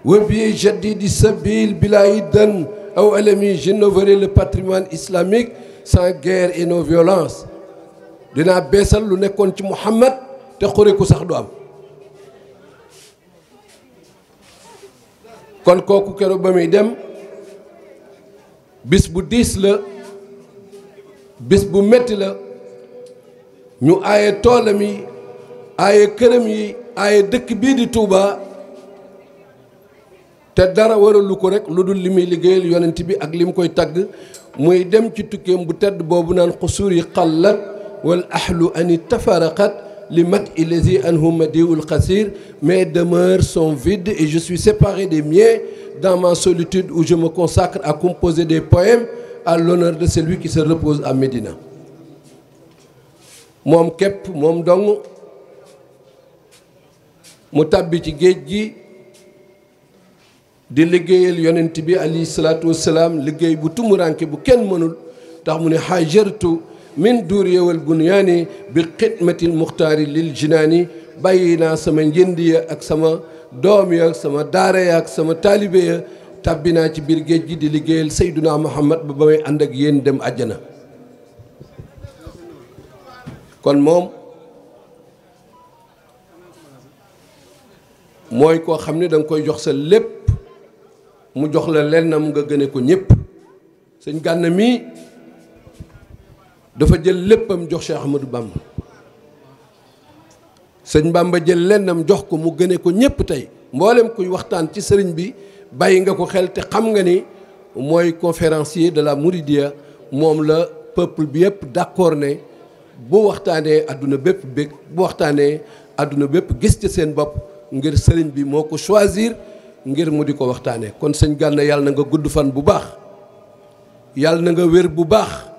wa bi jadidi sabil bila iddan aw alami génovérer le patrimoine islamique sans guerre et non violence dinaa beesal lu nekkoon ci Muhammad te xuriku sax du am kon kooku keroog ba muy dem bis bu diis la bis bu metti la ñu aaye toolam yi aaye këram yi aaye dëkk bii di Touba te dara waralu ko rekk lu dul li muy liggéeyal yonent bi ak li mu koy tagg muy dem ci tukkeem bu tedd boobu naan xusuur yi xallat walla ahlu ani tafaraqat li mat ilazi anhum diwul qasir mes demeures sont vides et je suis séparé des miens dans ma solitude où je consacre à composer des poèmes à l'honneur de celui qui se repose à Médina moom képp moom dong mu tàbbi ci géej gi di liggéeyal yonent bi alayhi salaatu wassalaam liggéey bu tumuranke bu kenn mënul ndax mu ne xaajartu min duuriyewal bunyaani bi xidmatil muxtaari lil jinaani bàyyi naa sama njënd ya ak sama doom ya sama daara ya ak sama taalibe ya tàbbi naa ci biir géej gi di liggéeyal Seyduna Muhammad ba ba may ànd ak yéen dem àjjana kon moom mooy koo xam ne danga koy jox sa lépp mu jox la lennam nga gëne ko ñëpp sëñ gànna dafa jël léppam jox Cheikh Ahmadou Bamba sëñ Bamba jël lennam jox ko mu gëne ko ñépp tey mboolem kuy waxtaan ci sëriñ bi bàyyi nga ko xel te xam nga ni mooy conférencier de la Mouridia moom la peuple bi yëpp d'accord ne bu waxtaanee àdduna bépp bég bu waxtaanee àdduna bépp gis ci seen bopp ngir sëriñ bi moo ko choisir ngir mu di ko waxtaanee kon sëñ Gana yàlla na nga gudd fan bu baax yàlla na nga wér bu baax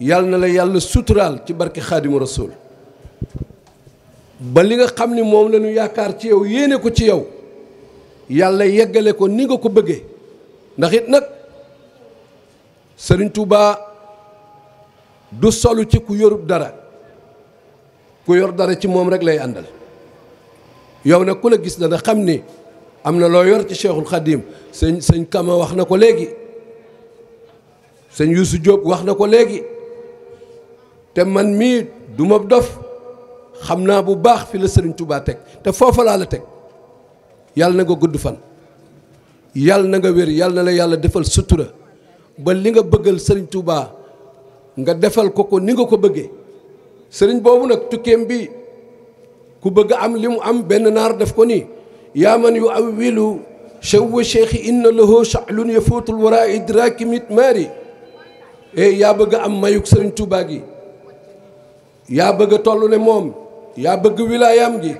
yàlla na la yàlla suturaal ci barke xaadimu rasul ba li nga xam ni moom la yaakaar ci yow yéene ko ci yow yàlla yeggale ko ni nga ko bëggee ndax it nag sëriñ Tuubaa du solu ci ku yorub dara ku yor dara ci moom rek lay àndal yow nag ku la gis dana xam ni am na loo yor ci cheikhul xadim sëñ sëñ Kama wax na ko léegi sëñ Youssou Diop wax na ko léegi te man mii du dof xam naa bu baax fi la Sëriñ Tuubaa teg te foofa laa la teg yàlla na nga gudd fan yàlla na nga wér yàlla na la yàlla defal sutura ba li nga bëggal Sëriñ Tuubaa nga defal ko ko ni nga ko bëggee sëriñ boobu nag tukkeem bi ku bëgg am li mu am benn naar def ko ni yaa man yu awwilu chewa cheikhi inna lahu sha'lun yafuutul wara idraki mit maari e eh, yaa bëgg am mayuk Sëriñ Tuubaa gi yaa bëgg a toll ne moom yaa bëgg wilaayaam gi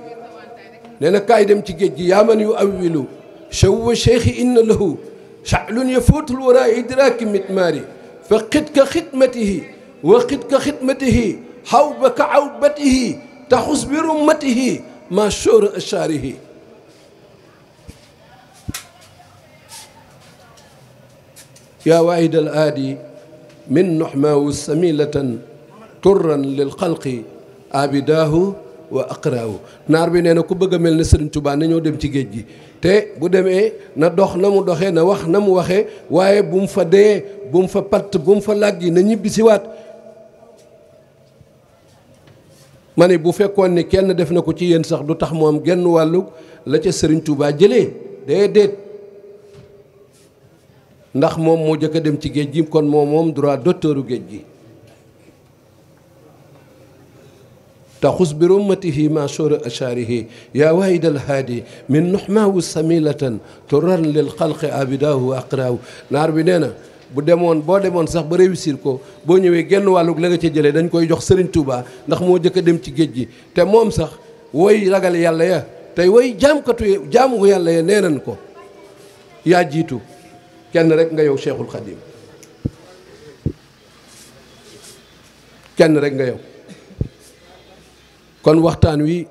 nee na kaay dem ci géej gi yaa man yu awwilu shawwa cheikhi inna lahu sha'lun yafuutul wara idraaki mitmaari fa xit ka xidmatihi wa xit ka xidmatihi xaw ba ka awbatihi taxus bi rummatihi maa shóora ashaarihi yaa waahid al aadi min noxmaawu samilatan turran lil xalqi abidaahu wa aqraahu naar bi nee na ku bëgg a mel na Sëriñ Tuubaa na dem ci géej gi te bu demee na dox na mu doxee na wax na mu waxee waaye bu mu fa dee bu mu fa patt bu mu fa làggi na ñibbi siwaat ma bu fekkoon ni kenn def na ko ci yéen sax du tax am genn wàllu la ca Sëriñ Tuubaa jëlee déedéet ndax moom moo jëkk a dem ci géej gi kon moomoom moom droit d'auteur géej gi تخص برمته ما شر أشاره يا واحد الهادي من نحماه سميلة ترر للخلق عبداه وأقراه naar bi nee na bu demoon boo demoon sax ba réussir ko boo ñëwee genn wàllug la nga ca jëlee dañ koy jox Serigne Touba ndax moo jëkk a dem ci géej gi te moom sax woy ragal yàlla ya tey woy jaamkatu jaamu yàlla ya nee nañ ko yaa jiitu kenn rek nga yow Cheikhul Khadim kenn rek nga yow kon waxtaan wi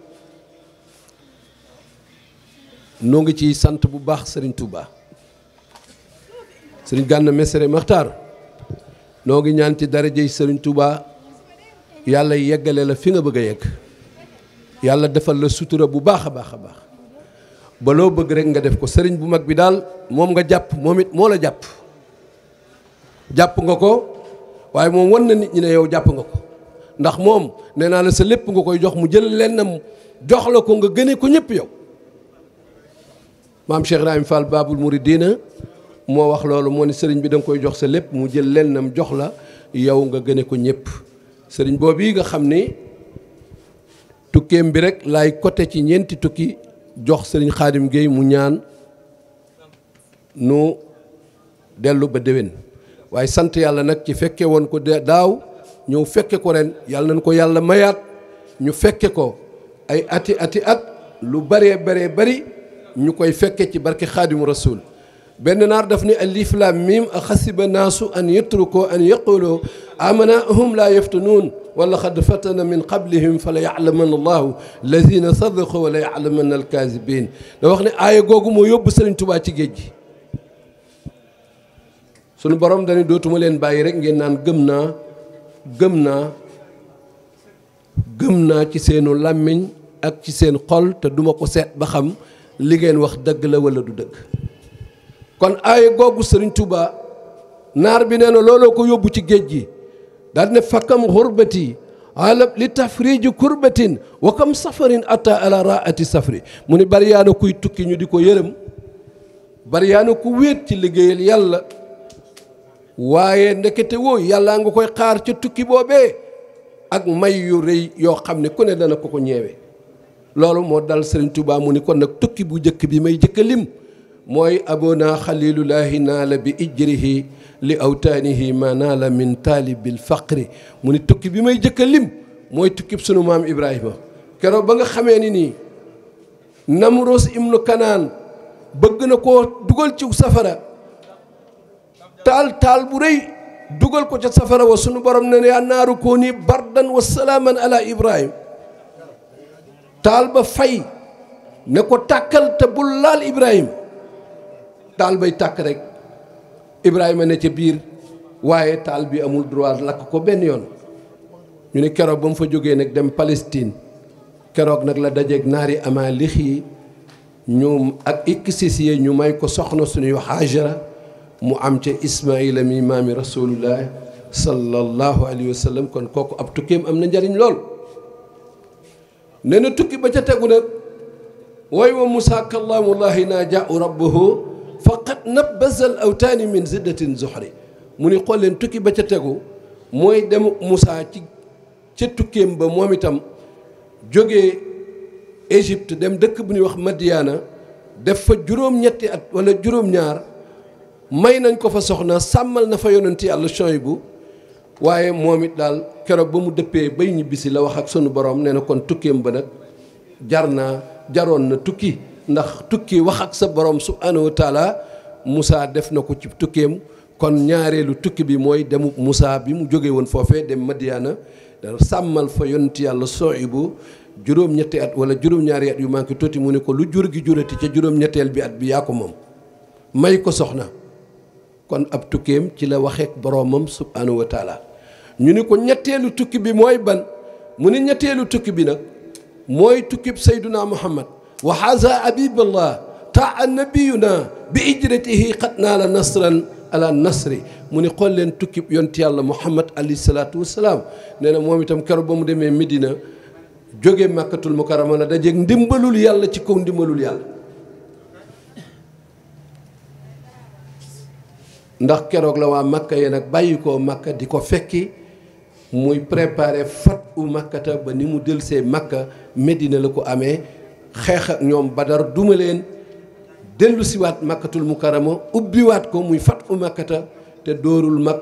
noo ngi ci sant bu baax sëriñ Touba sëriñ Gana Messere Maxtaar noo ngi ñaan ci darajey sëriñ Touba yàlla yeggale la fi nga bëgg a yegg yàlla defal la sutura bu baax a baax a baax ba loo bëgg rek nga def ko sëriñ bu mag bi daal moom nga jàpp moom it moo la jàpp jàpp nga ko waaye moom wan na nit ñi ne yow jàpp nga ko ndax moom nee naa la sa lépp nga koy jox mu jël lennam jox la ko nga gëne ko ñëpp yow maam Cheikh Ibrahim baabul Babul Mouridina moo wax loolu moo ne sëriñ bi danga koy jox sa lépp mu jël lennam jox la yow nga gëne ko ñëpp sëriñ boobu yi nga xam ni tukkeem bi rek lay côté ci ñeenti tukki jox sëriñ Xaadim géey mu ñaan nu dellu ba déwén waaye sant yàlla nag ci fekke woon ko daaw ñëw fekke ko ren yàlla nañ ko yàlla mayaat ñu fekke ko ay ati ati at lu bëree bëree bari ñu koy fekke ci barke xaadimu rasul benn naar daf ni alif laam miim a xasiba naasu an yatruko an yaqulu amana hum laa yaftanuun wala xad fatana min qablihim fa la yalaman allahu lazina sadaqu wala yalaman alkaasibin da wax ne aaya googu moo yóbbu Sëriñ Tubaa ci géej gi sunu borom dañu dootuma leen bàyyi rek ngeen naan gëm naa gëm naa gëm naa ci seenu làmmiñ ak ci seen xol te duma ko seet ba xam li ngeen wax dëgg la wala du dëgg kon aaya googu sëriñ Touba naar bi nee na looloo ko yóbbu ci géej gi daal ne fakkam xurbati alab li tafriji kurbatin wa kam safarin ata ala raati safri mu ni bariyaana kuy tukki ñu di ko yërëm bariyaana ku wéet ci liggéeyal yàlla waaye ndekete woo yàllaa nga koy xaar ca tukki boobee ak may yu rëy yoo xam ne ku ne dana ko ko ñeewe loolu moo dal Sëriñ Tuubaa mu ni kon nag tukki bu njëkk bi may jëkk lim mooy abona xalilullahi naala bi ijrihi li awtaanihi ma la min taalibil faqri mu ni tukki bi may jëkk lim mooy tukkib sunu maam ibraahima keroog ba nga xamee ni nii Namroos ibnu Kanaan bëgg na koo dugal ci safara taal taal bu rëy dugal ko ca safara wa sunu borom ne ne annaaru kooni bardan wa salaaman ala ibrahim taal ba fay ne ko tàkkal te bul laal ibrahim taal bay tàkk rek ibrahima ne ca biir waaye taal bi amul droit lakk ko benn yoon ñu ne keroog ba mu fa jógee nag dem Palestine keroog nag la dajeeg naari ama lix yi ñu ak ikk sisi ñu may ko soxna suñuy wax Haajara mu am ca ismaila mi maami rasulullah sallallahu alayhi wa kon kooku ab tukkeem am na njariñ lool nee na tukki ba ca tegu nag way wa musa kallamullahi naa ja'u rabbahu faqad ba al awtaani min ziddatin zuhri mu ni xool leen tukki ba ca tegu mooy dem Moussa ci ca tukkeem ba moom itam jóge Égypte dem dëkk bu ñuy wax Madiana def fa juróom-ñetti at wala juróom-ñaar may nañ ko fa soxna sàmmal na fa yonent yàlla Suwaybu waaye moom it daal keroog ba mu dëppee bay ñibbisi la wax ak sunu borom nee na kon tukkeem ba nag jar naa jaroon na tukki ndax tukki wax ak sa borom subhanahu wa taala musaa def na ko ci tukkeem kon ñaareelu tukki bi mooy demu musaa bi mu jógee woon foofee dem Madiana da sàmmal fa yonent yàlla Suwaybu juróom-ñetti at wala juróom-ñaari at yu manqué tuuti mu ne ko lu jur gi jurati ca juróom-ñetteel bi at bi yaa moom may ko soxna kon ab tukkeem ci la waxeek boroomam subhaanahu wa ñu ni ko ñetteelu tukki bi mooy ban mu ni ñetteelu tukki bi nag mooy tukkib sayduna muhammad wa haza abiballah taa nabiyuna bi ijratihi xat naa la nasran ala nasri mu ni xool leen tukkib yonti yàlla muhammad alayhi salaatu wasalaam nee na moom itam keroog ba mu demee Medina jóge màkkatul mukarama la dajeeg ndimbalul yàlla ci kaw ndimbalul yàlla ndax keroog la waa makka yee nag bàyyi koo makka di ko fekki muy préparé fat u makkata ba ni mu dëlsee makka medina la ko amee xeex ak ñoom badar duma leen dellusiwaat siwaat makkatul mukarama ubbiwaat ko muy fat u makkata te doorul mag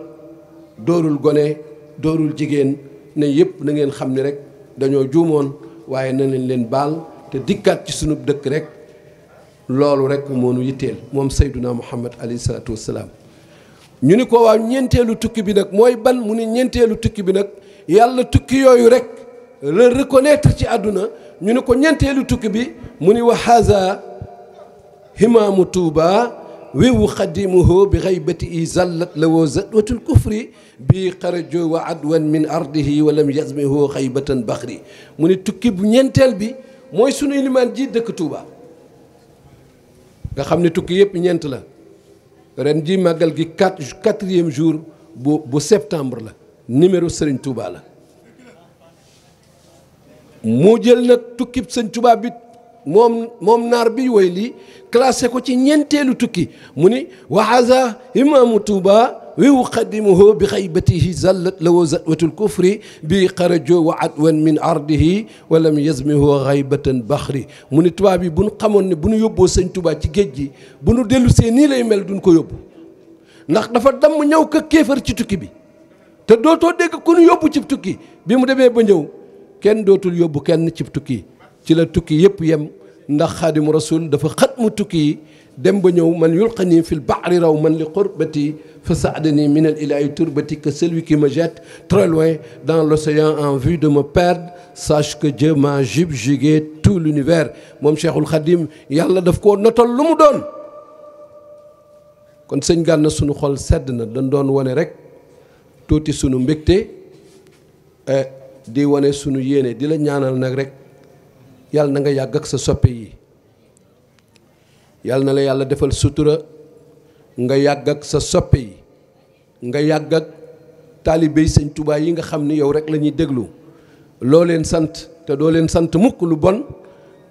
doorul gone doorul jigéen ne yépp na ngeen xam ni rek dañoo juumoon waaye na leen leen baal te dikkaat ci sunu dëkk rekk loolu rek moo nu yitteel moom sayduna muhammad alayhi salaatu ñu ni ko waaw ñeenteelu tukki bi nag mooy ban mu ne ñeenteelu tukki bi nag yàlla tukki yooyu rek la reconnaître ci àdduna ñu ne ko ñenteelu tukki bi mu ni wa haza himaamu tuuba wiwu xadimuhu bi xaybati i zallat la woo zatwatul kufri bi xarajo wa adwan min ardihi walam yazmihu xaybatan baxri mu ni tukki bu ñeenteel bi mooy sunu limaan ji dëkk tuuba nga xam ne tukki yëpp ñeent la ren ji màggal gi quatre quatrième jour bu bu la numéro Serigne Touba la moo jël nag tukki Sëñ Touba bi moom naar bi woy lii classé ko ci ñeenteelu tukki mu ni wahaza imaamu Touba bi ويقدمه بخيبته زلت له زلوة الكفر بخرج وعدوا من عرضه ولم يزمه غيبة بخري mu ni tubaab yi bu nu xamoon ne bu nu yóbboo sëñ Tuubaa ci géej gi bu nu dellu see nii lay mel duñ ko yóbbu ndax dafa damm ñëw ka kéefar ci tukki bi te dootoo dégg ku nu yóbbu ci tukki bi mu demee ba ñëw kenn dootul yóbbu kenn cib tukki ci la tukki yëpp yem ndax xaadimu rasul dafa xat mu tukki yi dem ba ñëw man yulqani fil bahri raw man li qurbati fasaadani min al ilahi turbati que celui qui me jette très loin dans l'océan en vue de ma perdre sache que Dieu m'a subjugué tout l'univers moom Cheikhul Khadim yàlla daf koo notal lu mu doon kon sëñ Gana sunu xol sedd na dañ doon wane rek tuuti sunu mbégte eh, di wane sunu yéene di la ñaanal nag rek yàlla na nga yàgg ak sa soppe yi yàlla na la yàlla defal sutura nga yàgg ak sa soppe yi nga yàgg ak taalibey sëñ Tuubaa yi nga xam ni yow rek lañuy déglu loo leen sant te doo leen sant mukk lu bon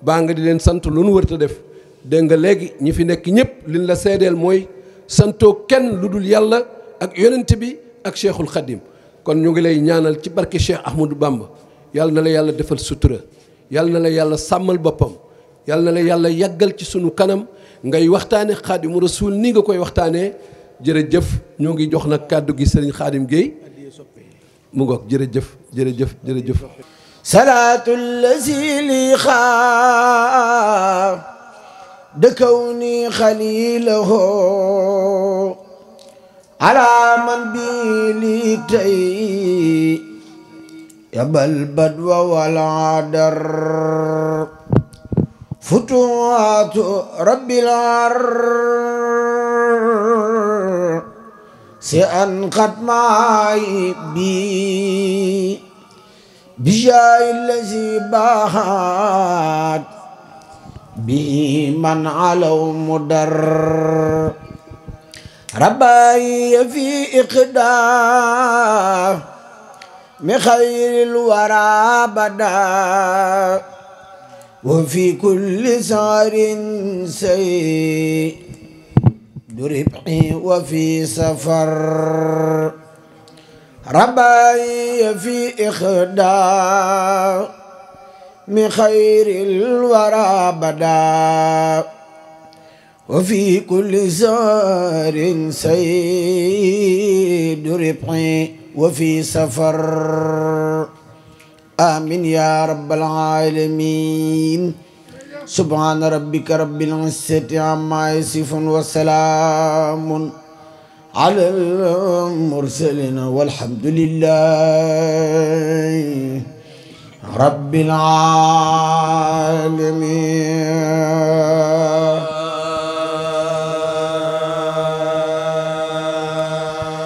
baa nga di leen sant lu nu wërta def dégg nga léegi ñi fi nekk ñëpp liñ la seedeel mooy santoo kenn lu dul yàlla ak yonent bi ak cheikhul xadim kon ñu ngi lay ñaanal ci barke cheikh ahmadou bàmb yàlla na la yàlla defal sutura yàlla na la yàlla sàmmal boppam yàlla na la yàlla yàggal ci sunu kanam ngay waxtaane xaadimu rasuul ni nga koy waxtaane jërëjëf ñoo ngi jox na kàddu gi sëriñ xaadim Guèye mu ngoog jërëjëf jërëjëf jërëjëf salaatu lazi li xaa dëkkaw ni xaliilahu alaa man bi lii tey yabal badwa wal adar فتوات رب العر سأن قد معي بي بجاي الذي باهات بمن علو مدر رباي في إقدام من خير الورى بدأ وفي كل سعر سيد ربحي وفي سفر رباي في إخداع من خير الورى بدا وفي كل سعر سيد ربحي وفي سفر آمين يا رب العالمين سبحان ربك رب العزة عما يصفون وسلام على المرسلين والحمد لله رب العالمين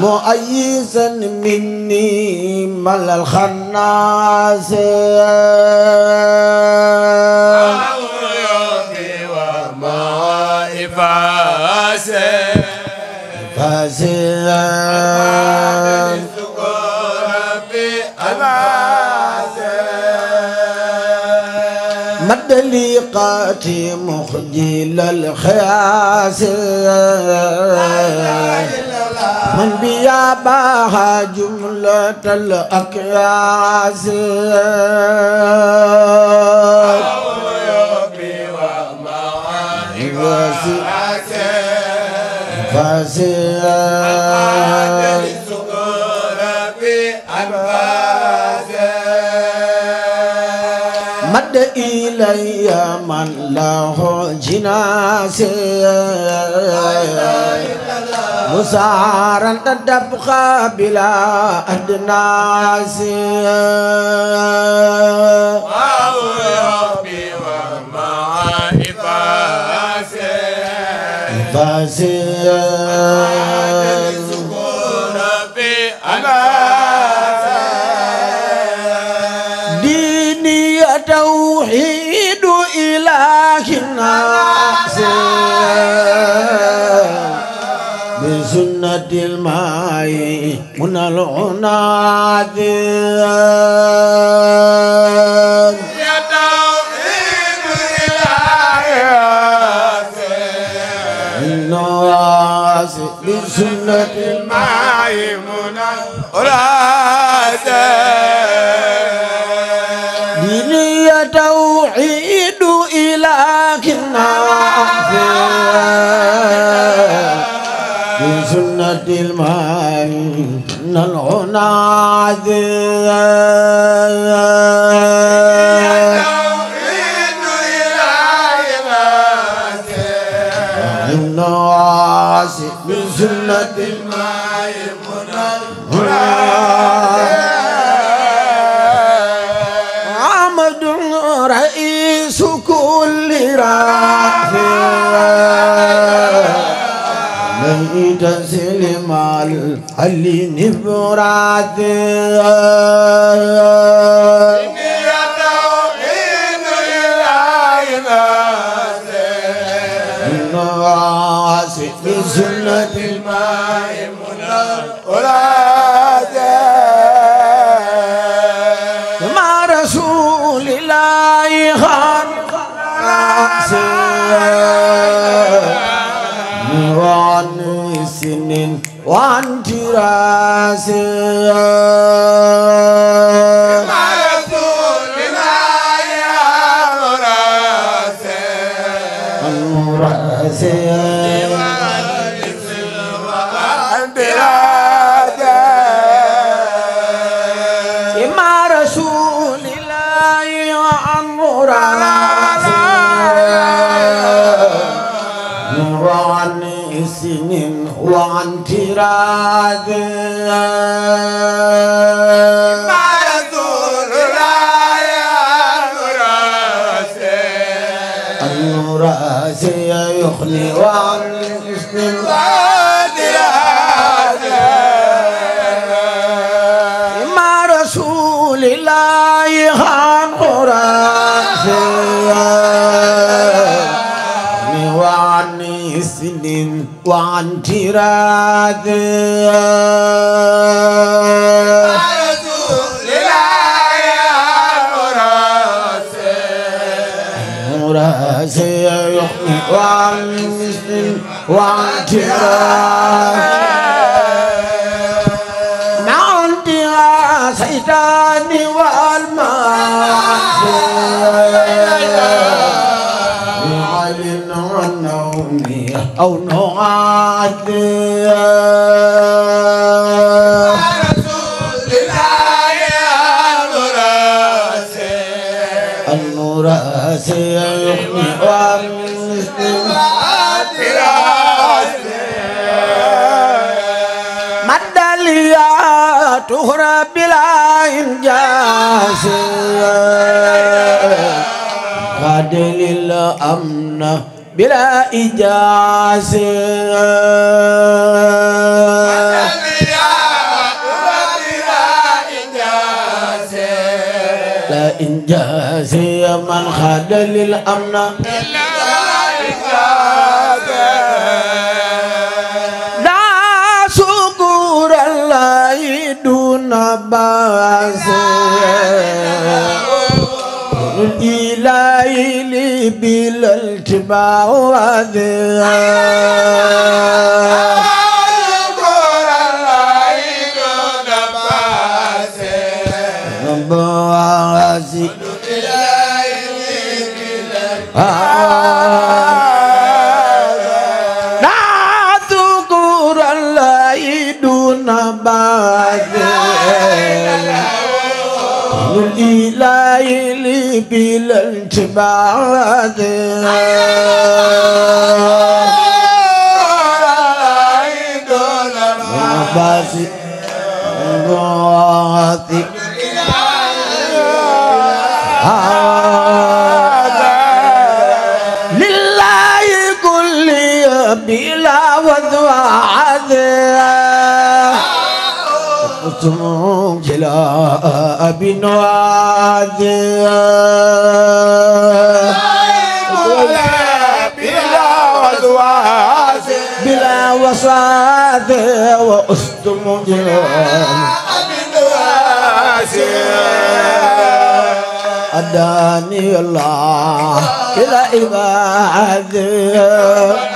مؤيسا مني مل الخناس فاسد فاسد مد لي قاتي مخجل الخياس من بيا باها جملة الأكياس فاسيا مد إلي من له جناسي مسارا تبقى بلا أدناس واو ربي وما إباسي إباسي بسنة الماء من العناد يا توحيد الناس بسنة الماء من العناد دينية كانت الماء الغنى عذبا النواس من سنة الماء المنى عمد رئيس كل راس جمال علي نبرات أو نعادي رسول الله يا نوراسي النوراسي يغني جاسيا قد للأمن بلا إجازة لا إنجازي من خاد للأمن بلا عباس الإلهي لي بالالتباع وذي Ah الإله لي بلا التباعد عباسي غاثي لله كل بلا وذو عذاب جلاء بنواد بلا وصاد وأسدم جلال أداني الله إلى إباده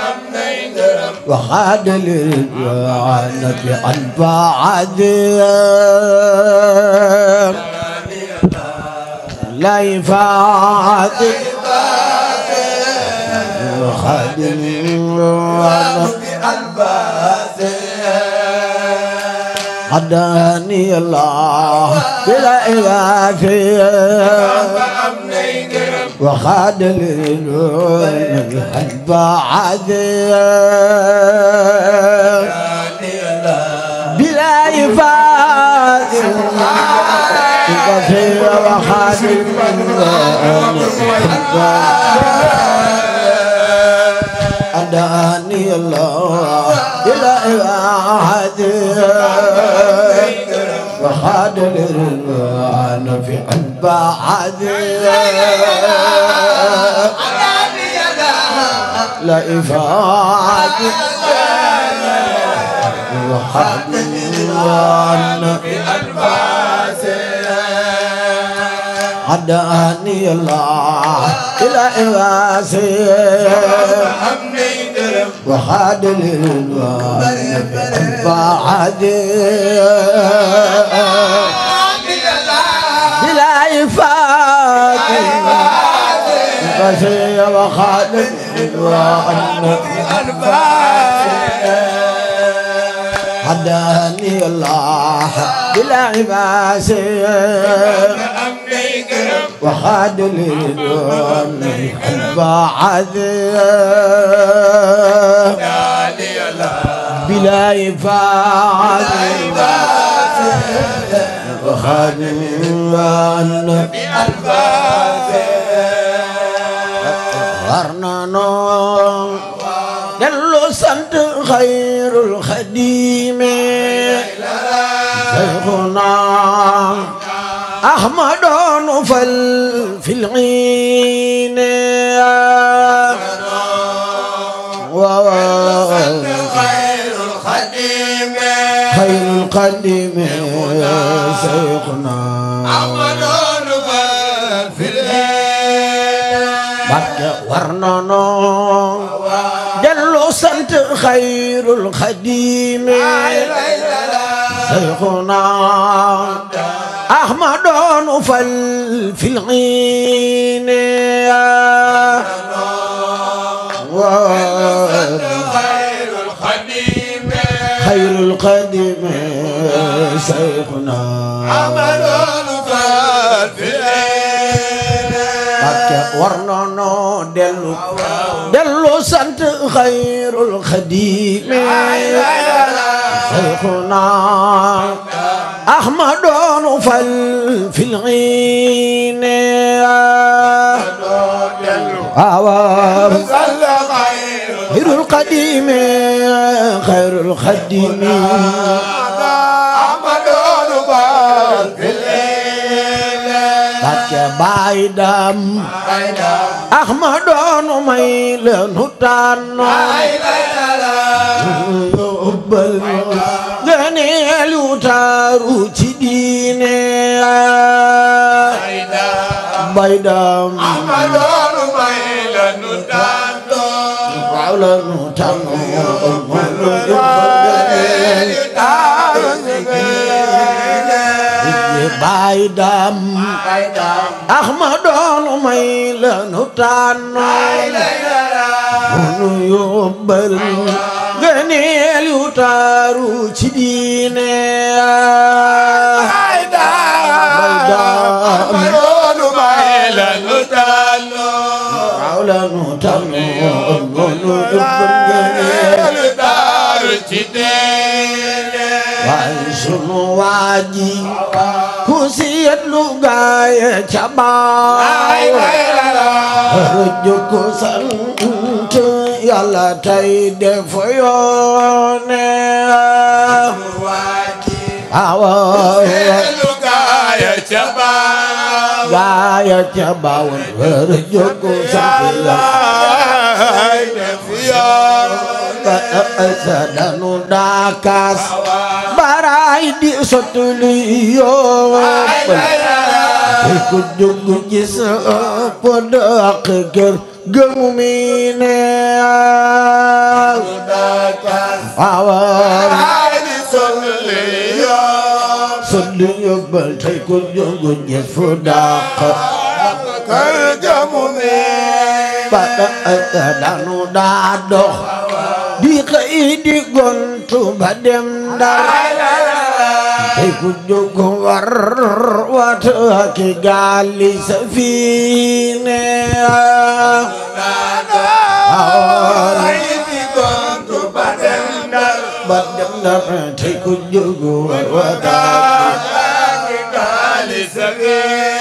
وعاد للعنة عن بعد لا يفعد وعاد للعنة عن بعد هداني الله بلا إله وخاد الحب عذيب بلا يفاز وفي وخاد الحب أداني الله إلى أحد وخاد الرضوان في قلبي بعد لا إفاد وحد الوان بأنفاسه عداني الله إلى إنفاسه وحد الوان بعد فاتي وخالد وأنا هداني الله بلا عباسي وخاد للأمي البعثي بلا إفاعة وخادم والنبي الفاتح ورنانو دلو سنت خير الخديم شيخنا أحمد نفل في العين القديم يا شيخنا عمدون في الهي ورنانو جلو سنت خير الخديم شيخنا أحمد نفل في العين خير الخديم خير القديم شيخنا عمل القلب war noonu dellu dellu sant xayrul xadimi sayxuna ahmadoonu fal fil iine waaw ke baay dam ahmadonu may leenu tànn ubbal gëneel yu taaru ci diine baay dam ahmadonu may leenu tànn waaw leenu tànn baay daam axmadoonu may la nu tànnoon bu nu yóbbal gëneel yu taaru ci diine baay daam axmadoonu may la nu tànnoon la nu tànnoon bu nu yóbbal gëneel yu waaji siyet lu gaaya ca baay ku sant lu gaaya ca baay sadanu e e dakas baray di sotuliyo ku jug ci sa podak ger gemine dakas awar di sotuliyo sotuliyo bal tay ku jug ci fudak ger gemine ba e danu daa dox di xëy di gontu ba dem Ndar te ku jóg war wat ak gaal li safiine te ku jóg war wat ak gaal li safiine